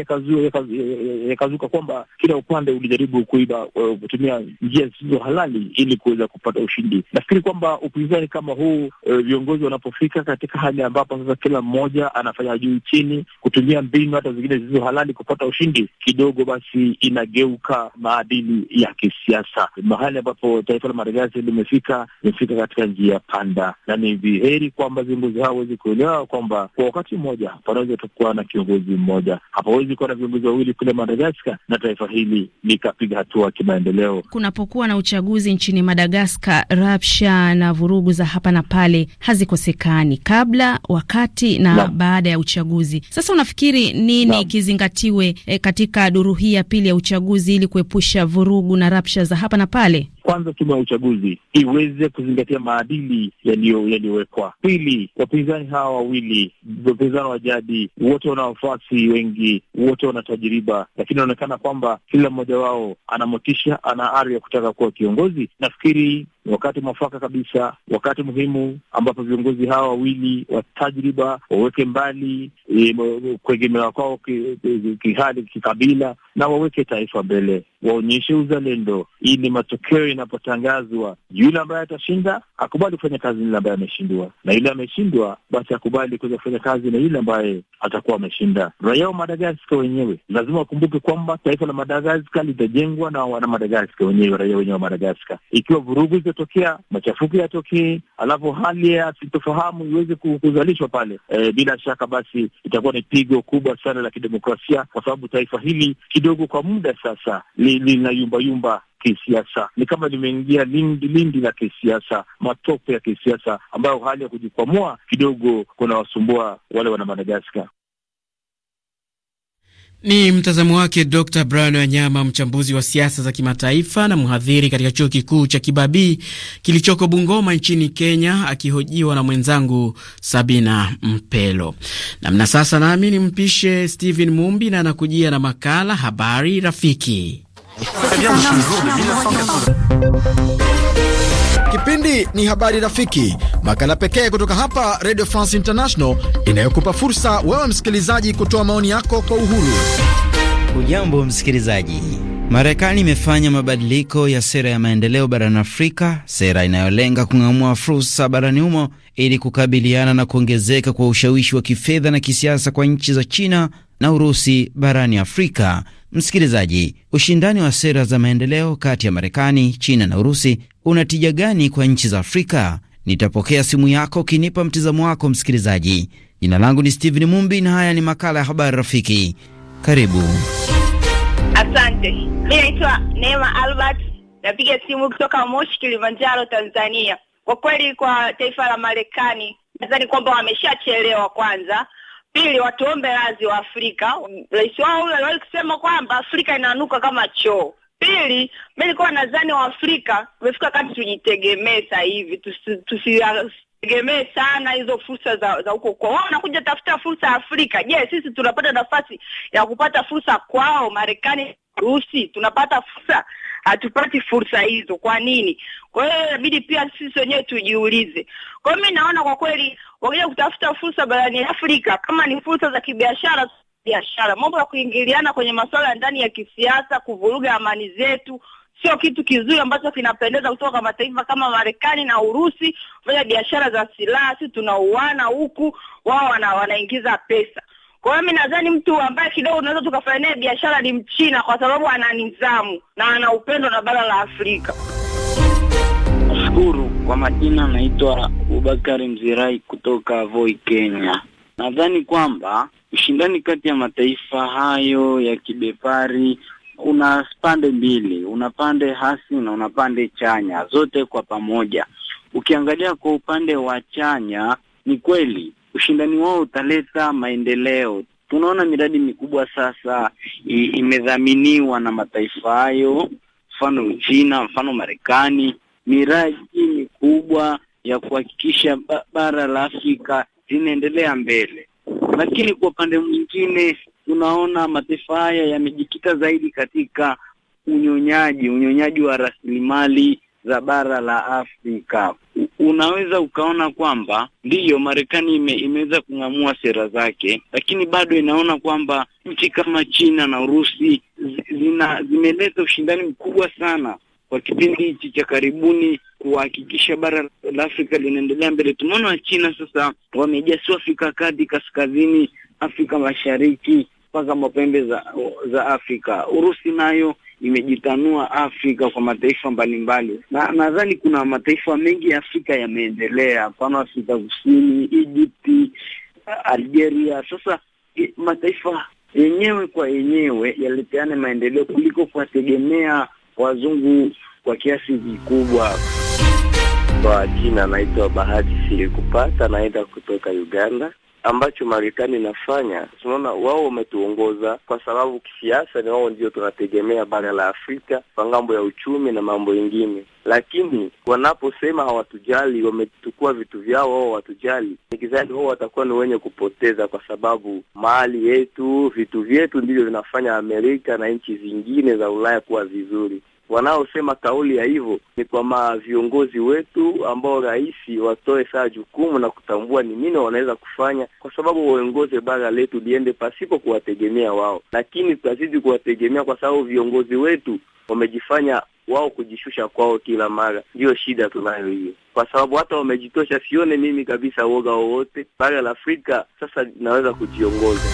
yakazuka kwamba kila upande ulijaribu kuiba eh, kutumia njia zisizo halali ili kuweza kupata ushindi. Nafikiri kwamba upinzani kama huu uh, viongozi wanapofika katika hali ambapo sasa kila mmoja anafanya juu chini kutumia mbinu mbinu hata zingine zilizo halali kupata ushindi kidogo, basi inageuka maadili ya kisiasa. Mahali ambapo taifa la Madagaskar limefika, limefika katika njia panda, na ni viheri kwamba viongozi hao wawezi kuelewa kwamba kwa wakati mmoja panaweza tukuwa na kiongozi mmoja, hapawezi kuwa na viongozi wawili kule Madagaskar na taifa hili likapiga hatua kimaendeleo. Kunapokuwa na uchaguzi nchini Madagaskar, rapsha na vurugu za hapa na pale hazikosekani kabla, wakati na, na baada ya uchaguzi. Sasa unafikiri nini na, kizingatiwe e, katika duru hii ya pili ya uchaguzi ili kuepusha vurugu na rapsha za hapa na pale? kwanza, tume ya uchaguzi iweze kuzingatia maadili yaliyowekwa. Pili, wapinzani hawa wawili, wapinzani wa jadi, wote wana wafuasi wengi, wote wana tajiriba, lakini inaonekana kwamba kila mmoja wao ana motisha, ana ari ya kutaka kuwa kiongozi. Nafikiri ni wakati mwafaka kabisa, wakati muhimu ambapo viongozi hawa wawili wa tajriba waweke mbali eh, kuegemewa kwao kihali kikabila na waweke taifa mbele waonyeshe uzalendo, ili matokeo inapotangazwa yule ambaye atashinda akubali kufanya kazi na yule ambaye ameshindwa, na yule ameshindwa basi akubali kuweza kufanya kazi na yule ambaye atakuwa ameshinda. Raia wa madagaska wenyewe lazima wakumbuke kwamba taifa la Madagaskar litajengwa na wana madagaska wenyewe, raia wenyewe wa madagaska Ikiwa vurugu zitatokea, machafuko yatokee, alafu hali ya sitofahamu iweze kuzalishwa pale, e, bila shaka basi itakuwa ni pigo kubwa sana la kidemokrasia, kwa sababu taifa hili kidogo kwa muda sasa li linayumbayumba li, kisiasa, ni kama limeingia lindi lindi la kisiasa, matope ya kisiasa ambayo hali ya kujikwamua kidogo kunawasumbua wale wana Madagaskar. Ni mtazamo wake Dr Brian Wanyama, mchambuzi wa siasa za kimataifa na mhadhiri katika chuo kikuu cha Kibabii kilichoko Bungoma nchini Kenya, akihojiwa na mwenzangu Sabina Mpelo. Namna sasa nami mpishe Stephen Mumbi na anakujia na makala Habari Rafiki. Kipindi ni Habari Rafiki, makala pekee kutoka hapa Radio France International inayokupa fursa wewe msikilizaji kutoa maoni yako kwa uhuru. Ujambo msikilizaji. Marekani imefanya mabadiliko ya sera ya maendeleo barani Afrika, sera inayolenga kung'amua fursa barani humo ili kukabiliana na kuongezeka kwa ushawishi wa kifedha na kisiasa kwa nchi za China na Urusi barani Afrika. Msikilizaji, ushindani wa sera za maendeleo kati ya Marekani, China na Urusi una tija gani kwa nchi za Afrika? Nitapokea simu yako ukinipa mtizamo wako, msikilizaji. Jina langu ni Steven Mumbi na haya ni makala ya Habari Rafiki. Karibu. Asante. Mi naitwa Neema Albert, napiga simu kutoka Moshi, Kilimanjaro, Tanzania. Kwa kweli, kwa taifa la Marekani nadhani kwamba wameshachelewa kwanza Pili, watuombe radhi wa Afrika. Rais wao huyo aliwahi kusema kwamba Afrika inaanuka kama choo. Pili, mi nilikuwa nadhani wa Afrika umefika kati tujitegemee sasa hivi, tusitegemee sana hizo fursa za za huko kwao. Wao wanakuja tafuta fursa ya Afrika. Je, yes, sisi tunapata nafasi ya kupata fursa kwao Marekani Urusi tunapata fursa, hatupati fursa hizo. Kwa nini? Kwa hiyo inabidi pia sisi wenyewe tujiulize. Kwa hiyo mi naona kwa kweli wakija kutafuta fursa barani Afrika, kama ni fursa za kibiashara biashara, mambo ya kuingiliana kwenye masuala ya ndani ya kisiasa, kuvuruga amani zetu sio kitu kizuri ambacho kinapendeza kutoka kwa mataifa kama Marekani na Urusi. kufanya biashara za silaha, si tunauana huku, wao wana, wanaingiza pesa. Kwa hiyo mimi nadhani mtu ambaye kidogo unaweza tukafanya naye biashara ni Mchina, kwa sababu ana nidhamu na ana upendo na bara la Afrika. Nashukuru. Kwa majina naitwa Abubakari Mzirai kutoka Voi, Kenya. Nadhani kwamba ushindani kati ya mataifa hayo ya kibepari una pande mbili, una pande hasi na una pande chanya, zote kwa pamoja. Ukiangalia kwa upande wa chanya, ni kweli ushindani wao utaleta maendeleo. Tunaona miradi mikubwa sasa imedhaminiwa na mataifa hayo, mfano Uchina, mfano Marekani, miradi mikubwa ya kuhakikisha ba bara la Afrika linaendelea mbele. Lakini kwa upande mwingine, tunaona mataifa haya yamejikita zaidi katika unyonyaji, unyonyaji wa rasilimali za bara la Afrika unaweza ukaona kwamba ndiyo Marekani ime, imeweza kung'amua sera zake, lakini bado inaona kwamba nchi kama China na Urusi zina zimeleta ushindani mkubwa sana kwa kipindi hichi cha karibuni kuhakikisha bara la Afrika linaendelea mbele. Tumeona wa China sasa wamejasua Afrika kati, kaskazini, Afrika mashariki mpaka mapembe za, za Afrika. Urusi nayo na imejitanua Afrika kwa mataifa mbalimbali mbali. Na nadhani kuna mataifa mengi ya Afrika yameendelea, mfano Afrika Kusini, Egypt, Algeria. Sasa eh, mataifa yenyewe kwa yenyewe yaleteane maendeleo kuliko kuwategemea wazungu kwa kiasi kikubwa. Kwa jina naitwa Bahati Silikupata, naenda kutoka Uganda ambacho Marekani inafanya, tunaona wao wametuongoza kwa sababu kisiasa ni wao ndio tunategemea bara la Afrika kwa ngambo ya uchumi na mambo yengine lakini wanaposema hawatujali, wametukua vitu vyao, wao watujali, nikizani wao watakuwa ni wenye kupoteza, kwa sababu mali yetu, vitu vyetu ndivyo vinafanya Amerika na nchi zingine za Ulaya kuwa vizuri wanaosema kauli ya hivyo ni kwa viongozi wetu ambao rais watoe saa jukumu na kutambua ni nini wanaweza kufanya, kwa sababu waongoze bara letu liende pasipo kuwategemea wao, lakini tutazidi kuwategemea kwa sababu viongozi wetu wamejifanya wao kujishusha kwao kila mara. Ndiyo shida tunayo hiyo, kwa sababu hata wamejitosha. Sione mimi kabisa woga wowote. Bara la Afrika sasa linaweza kujiongoza.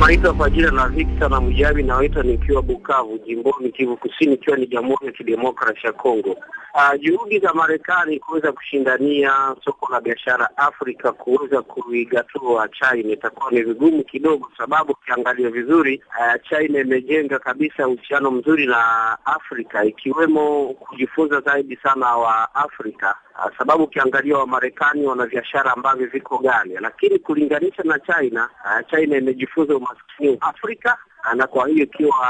Naitwa kwa jina la Victor na Mujabi, nawaita nikiwa Bukavu, jimboni Kivu Kusini, ikiwa ni Jamhuri ya Kidemokrasia ya Kongo. Uh, juhudi za Marekani kuweza kushindania soko la biashara Afrika, kuweza kuigatua China itakuwa ni vigumu kidogo, sababu ukiangalia vizuri, uh, China imejenga kabisa uhusiano mzuri na Afrika, ikiwemo kujifunza zaidi sana wa Afrika. Uh, sababu ukiangalia Wamarekani wana biashara ambavyo viko gani, lakini kulinganisha na China, uh, China imejifunza umaskini Afrika na kwa hiyo ikiwa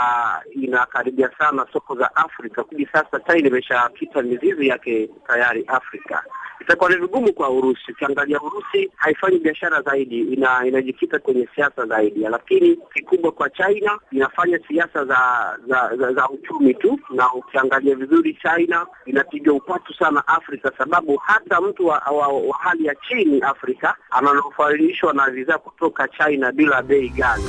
inakaribia sana soko za Afrika, kuji sasa chai imeshakita mizizi yake tayari Afrika itakuwa ni vigumu kwa Urusi. Ukiangalia Urusi haifanyi biashara zaidi, ina- inajikita kwenye siasa zaidi, lakini kikubwa kwa China inafanya siasa za za, za, za uchumi tu, na ukiangalia vizuri China inapiga upatu sana Afrika, sababu hata mtu wa, wa, wa hali ya chini Afrika ananufaishwa na vizaa kutoka China bila bei gani.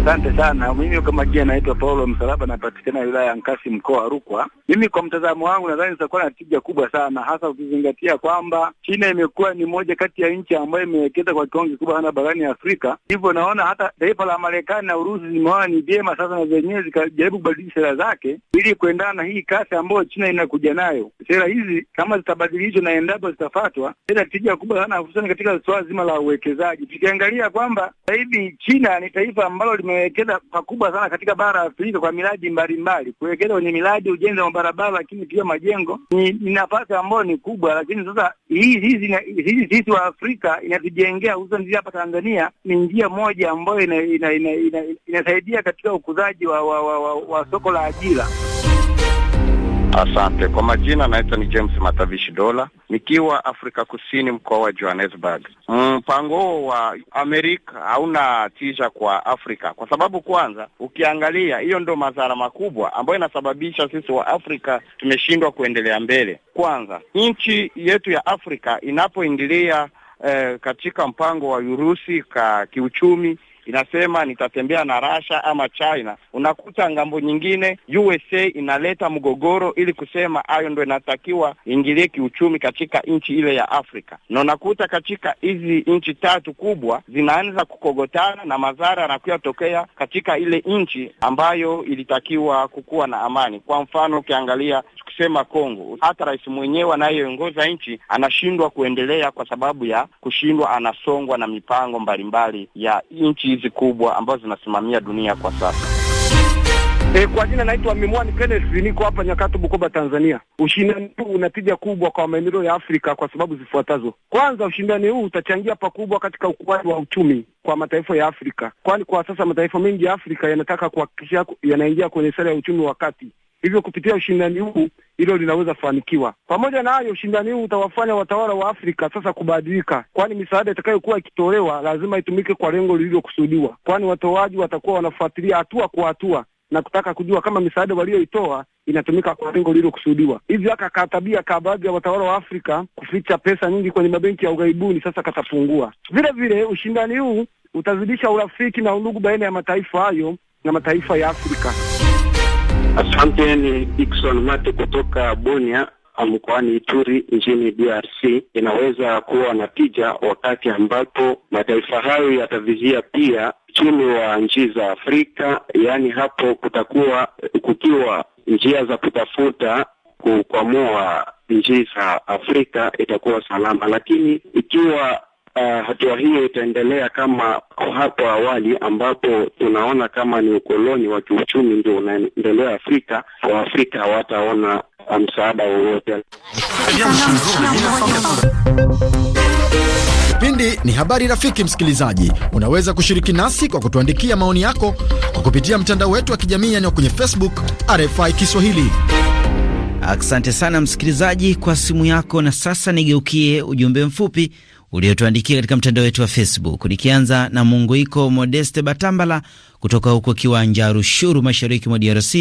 Asante sana. Mimi kama jina naitwa Paulo Msalaba, napatikana wilaya ya Nkasi, mkoa wa Rukwa. Mimi kwa mtazamo wangu nadhani zitakuwa na tija kubwa sana, hasa ukizingatia kwamba China imekuwa ni moja kati ya nchi ambayo imewekeza kwa kiwango kikubwa sana barani Afrika, hivyo naona hata taifa la Marekani na Urusi zimeona ni vyema sasa na zenyewe zikajaribu kubadilisha sera zake ili kuendana na hii kasi ambayo China inakuja nayo. Sera hizi kama zitabadilishwa na endapo zitafatwa, ina tija kubwa sana, hususani katika suala zima la uwekezaji, tukiangalia kwamba zaidi China ni taifa ambalo tumewekeza pakubwa sana katika bara la Afrika kwa miradi mbalimbali, kuwekeza kwenye miradi ujenzi wa barabara, lakini pia majengo. Ni, ni nafasi ambayo ni kubwa, lakini sasa hii sisi wa Afrika inatujengea hususani hapa Tanzania, ni njia moja ambayo inasaidia ina, ina, ina, ina, ina katika ukuzaji wa, wa, wa, wa, wa soko la ajira. Asante kwa majina, naitwa ni James Matavishi Dola, nikiwa Afrika Kusini, mkoa wa Johannesburg. Mpango wa Amerika hauna tija kwa Afrika kwa sababu kwanza, ukiangalia hiyo ndo madhara makubwa ambayo inasababisha sisi wa Afrika tumeshindwa kuendelea mbele. Kwanza nchi yetu ya Afrika inapoingilia eh, katika mpango wa Urusi ka kiuchumi inasema nitatembea na Russia ama China, unakuta ngambo nyingine USA inaleta mgogoro ili kusema hayo ndo inatakiwa ingilie kiuchumi katika nchi ile ya Afrika, na unakuta katika hizi nchi tatu kubwa zinaanza kukogotana na madhara yanakuwa tokea katika ile nchi ambayo ilitakiwa kukuwa na amani. Kwa mfano ukiangalia kusema Kongo, hata rais mwenyewe anayeongoza nchi anashindwa kuendelea kwa sababu ya kushindwa, anasongwa na mipango mbalimbali ya nchi hizi kubwa ambazo zinasimamia dunia kwa sasa. E, kwa jina naitwa Mimwani Kenneth, niko hapa Nyakato, Bukoba, Tanzania. Ushindani huu una tija kubwa kwa maendeleo ya Afrika kwa sababu zifuatazo. Kwanza, ushindani huu utachangia pakubwa katika ukuaji wa uchumi kwa mataifa ya Afrika, kwani kwa sasa mataifa mengi ya Afrika yanataka kuhakikisha yanaingia kwenye sera ya uchumi wa kati Hivyo kupitia ushindani huu hilo linaweza fanikiwa. Pamoja na hayo, ushindani huu utawafanya watawala wa Afrika sasa kubadilika, kwani misaada itakayokuwa ikitolewa lazima itumike kwa lengo lililokusudiwa, kwani watoaji watakuwa wanafuatilia hatua kwa hatua na kutaka kujua kama misaada walioitoa inatumika kwa lengo lililokusudiwa. Hivyo aka katabia ka baadhi ya watawala wa Afrika kuficha pesa nyingi kwenye mabenki ya ughaibuni sasa katapungua. Vile vile ushindani huu utazidisha urafiki na undugu baina ya mataifa hayo na mataifa ya Afrika. Asante. Ni Dikson Mate kutoka Bunia mkoani Ituri nchini DRC. Inaweza kuwa na tija wakati ambapo mataifa hayo yatavizia pia uchumi wa nchi za Afrika, yaani hapo kutakuwa kukiwa njia za kutafuta kukwamua nchi za Afrika itakuwa salama, lakini ikiwa Uh, hatua hiyo itaendelea kama hapo awali ambapo tunaona kama ni ukoloni wa kiuchumi ndio unaendelea Afrika. wa afrika hawataona eh, msaada wowote. Kipindi ni habari rafiki. Msikilizaji, unaweza kushiriki nasi kwa kutuandikia maoni yako kwa kupitia mtandao wetu wa kijamii yaani kwenye Facebook RFI Kiswahili. Asante sana msikilizaji kwa simu yako, na sasa nigeukie ujumbe mfupi uliotuandikia katika mtandao wetu wa Facebook, nikianza na Munguiko Modeste Batambala kutoka huko Kiwanja rushuru mashariki mwa DRC.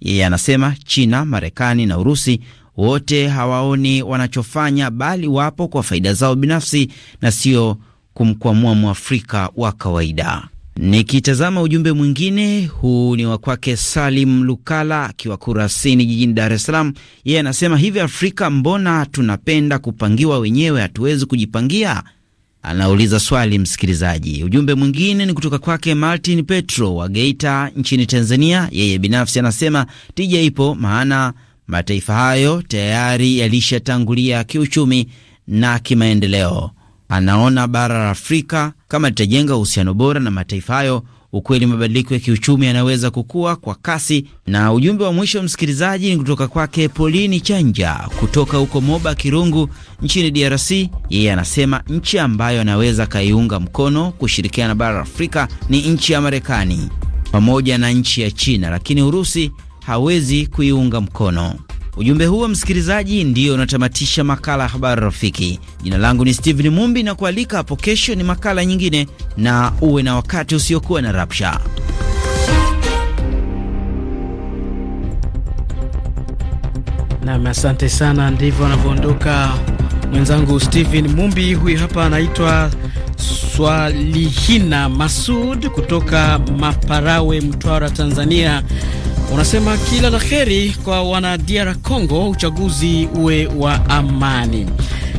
Yeye anasema China, Marekani na Urusi wote hawaoni wanachofanya, bali wapo kwa faida zao binafsi na sio kumkwamua mwafrika wa kawaida. Nikitazama ujumbe mwingine huu ni wa kwake Salim Lukala akiwa Kurasini jijini Dar es Salaam. Yeye anasema hivi, Afrika mbona tunapenda kupangiwa wenyewe, hatuwezi kujipangia? Anauliza swali msikilizaji. Ujumbe mwingine ni kutoka kwake Martin Petro wa Geita nchini Tanzania. Yeye binafsi anasema tija ipo, maana mataifa hayo tayari yalishatangulia kiuchumi na kimaendeleo. Anaona bara la Afrika kama litajenga uhusiano bora na mataifa hayo, ukweli mabadiliko ya kiuchumi yanaweza kukua kwa kasi. Na ujumbe wa mwisho msikilizaji, ni kutoka kwake Polini Chanja kutoka huko Moba Kirungu nchini DRC. Yeye anasema nchi ambayo anaweza akaiunga mkono kushirikiana na bara la Afrika ni nchi ya Marekani pamoja na nchi ya China, lakini Urusi hawezi kuiunga mkono. Ujumbe huo msikilizaji, ndio unatamatisha makala ya habari rafiki. Jina langu ni Steven Mumbi na kualika hapo kesho ni makala nyingine, na uwe na wakati usiokuwa na rapsha. Nam, asante sana. Ndivyo wanavyoondoka Mwenzangu Stephen Mumbi huyu hapa anaitwa Swalihina Masud kutoka Maparawe, Mtwara, Tanzania. Unasema kila la heri kwa wanadiara Congo, uchaguzi uwe wa amani.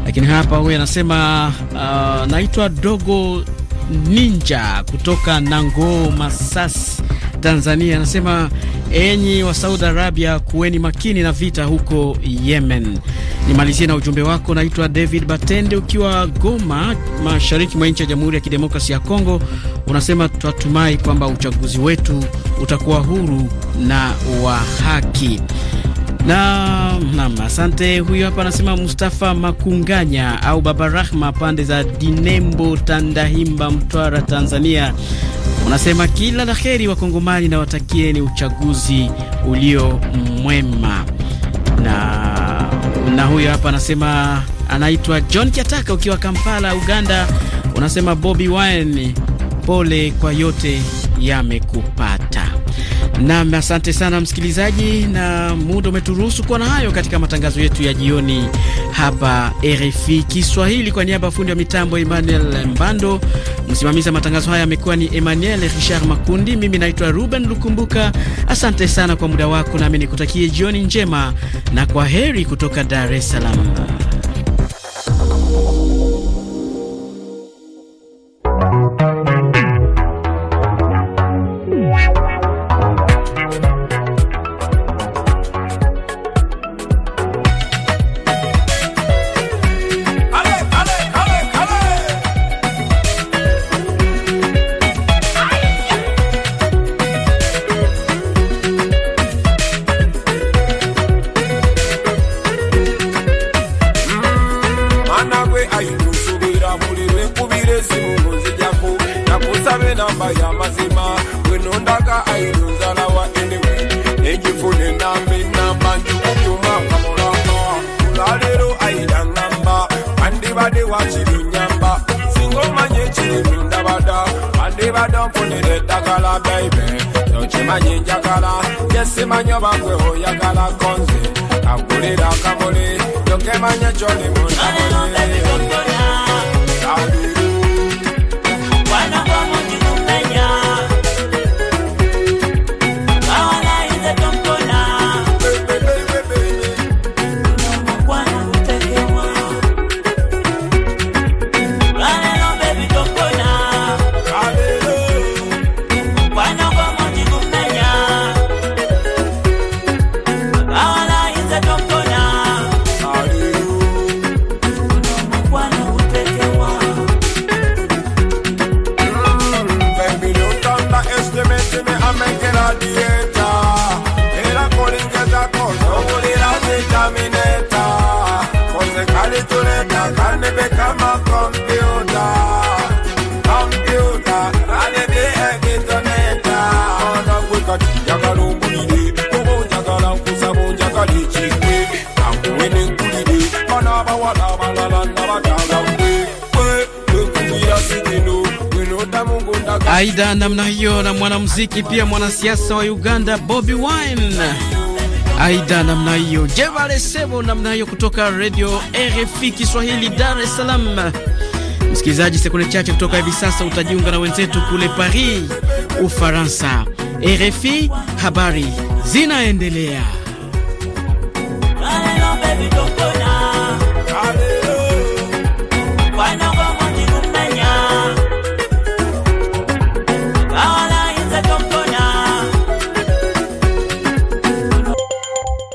Lakini hapa huyu anasema uh, naitwa Dogo Ninja kutoka Nango, Masas, Tanzania anasema enyi wa Saudi Arabia, kuweni makini na vita huko Yemen. Nimalizie na ujumbe wako. Naitwa David Batende ukiwa Goma, mashariki mwa nchi ya Jamhuri ya Kidemokrasia ya Kongo. Unasema twatumai kwamba uchaguzi wetu utakuwa huru na wa haki na nam, asante. Huyo hapa anasema Mustafa Makunganya au Baba Rahma, pande za Dinembo, Tandahimba, Mtwara, Tanzania. Unasema kila la heri Wakongomani na watakieni uchaguzi ulio mwema. Na, na huyo hapa anasema anaitwa John Kiataka, ukiwa Kampala, Uganda. Unasema Bobby Wine, pole kwa yote yamekupata. Nam, asante sana msikilizaji, na muda umeturuhusu kuwa na hayo katika matangazo yetu ya jioni hapa RFI Kiswahili. Kwa niaba ya fundi wa mitambo Emmanuel Mbando, msimamizi wa matangazo haya amekuwa ni Emmanuel Richard Makundi, mimi naitwa Ruben Lukumbuka. Asante sana kwa muda wako, nami nikutakie jioni njema na kwa heri kutoka Dar es Salaam. oyagala I'm good gyesimanya obagwe oyagala Don't akamuli yokemanya kyoli munamuli Aida namna hiyo na mwanamuziki pia mwanasiasa wa Uganda Bobby Wine. Aida namna hiyo, Jevale Sebo namna hiyo, kutoka Radio RFI Kiswahili Dar es Salaam. Msikilizaji, sekunde chache kutoka hivi sasa utajiunga na wenzetu kule Paris, Ufaransa. RFI habari zinaendelea.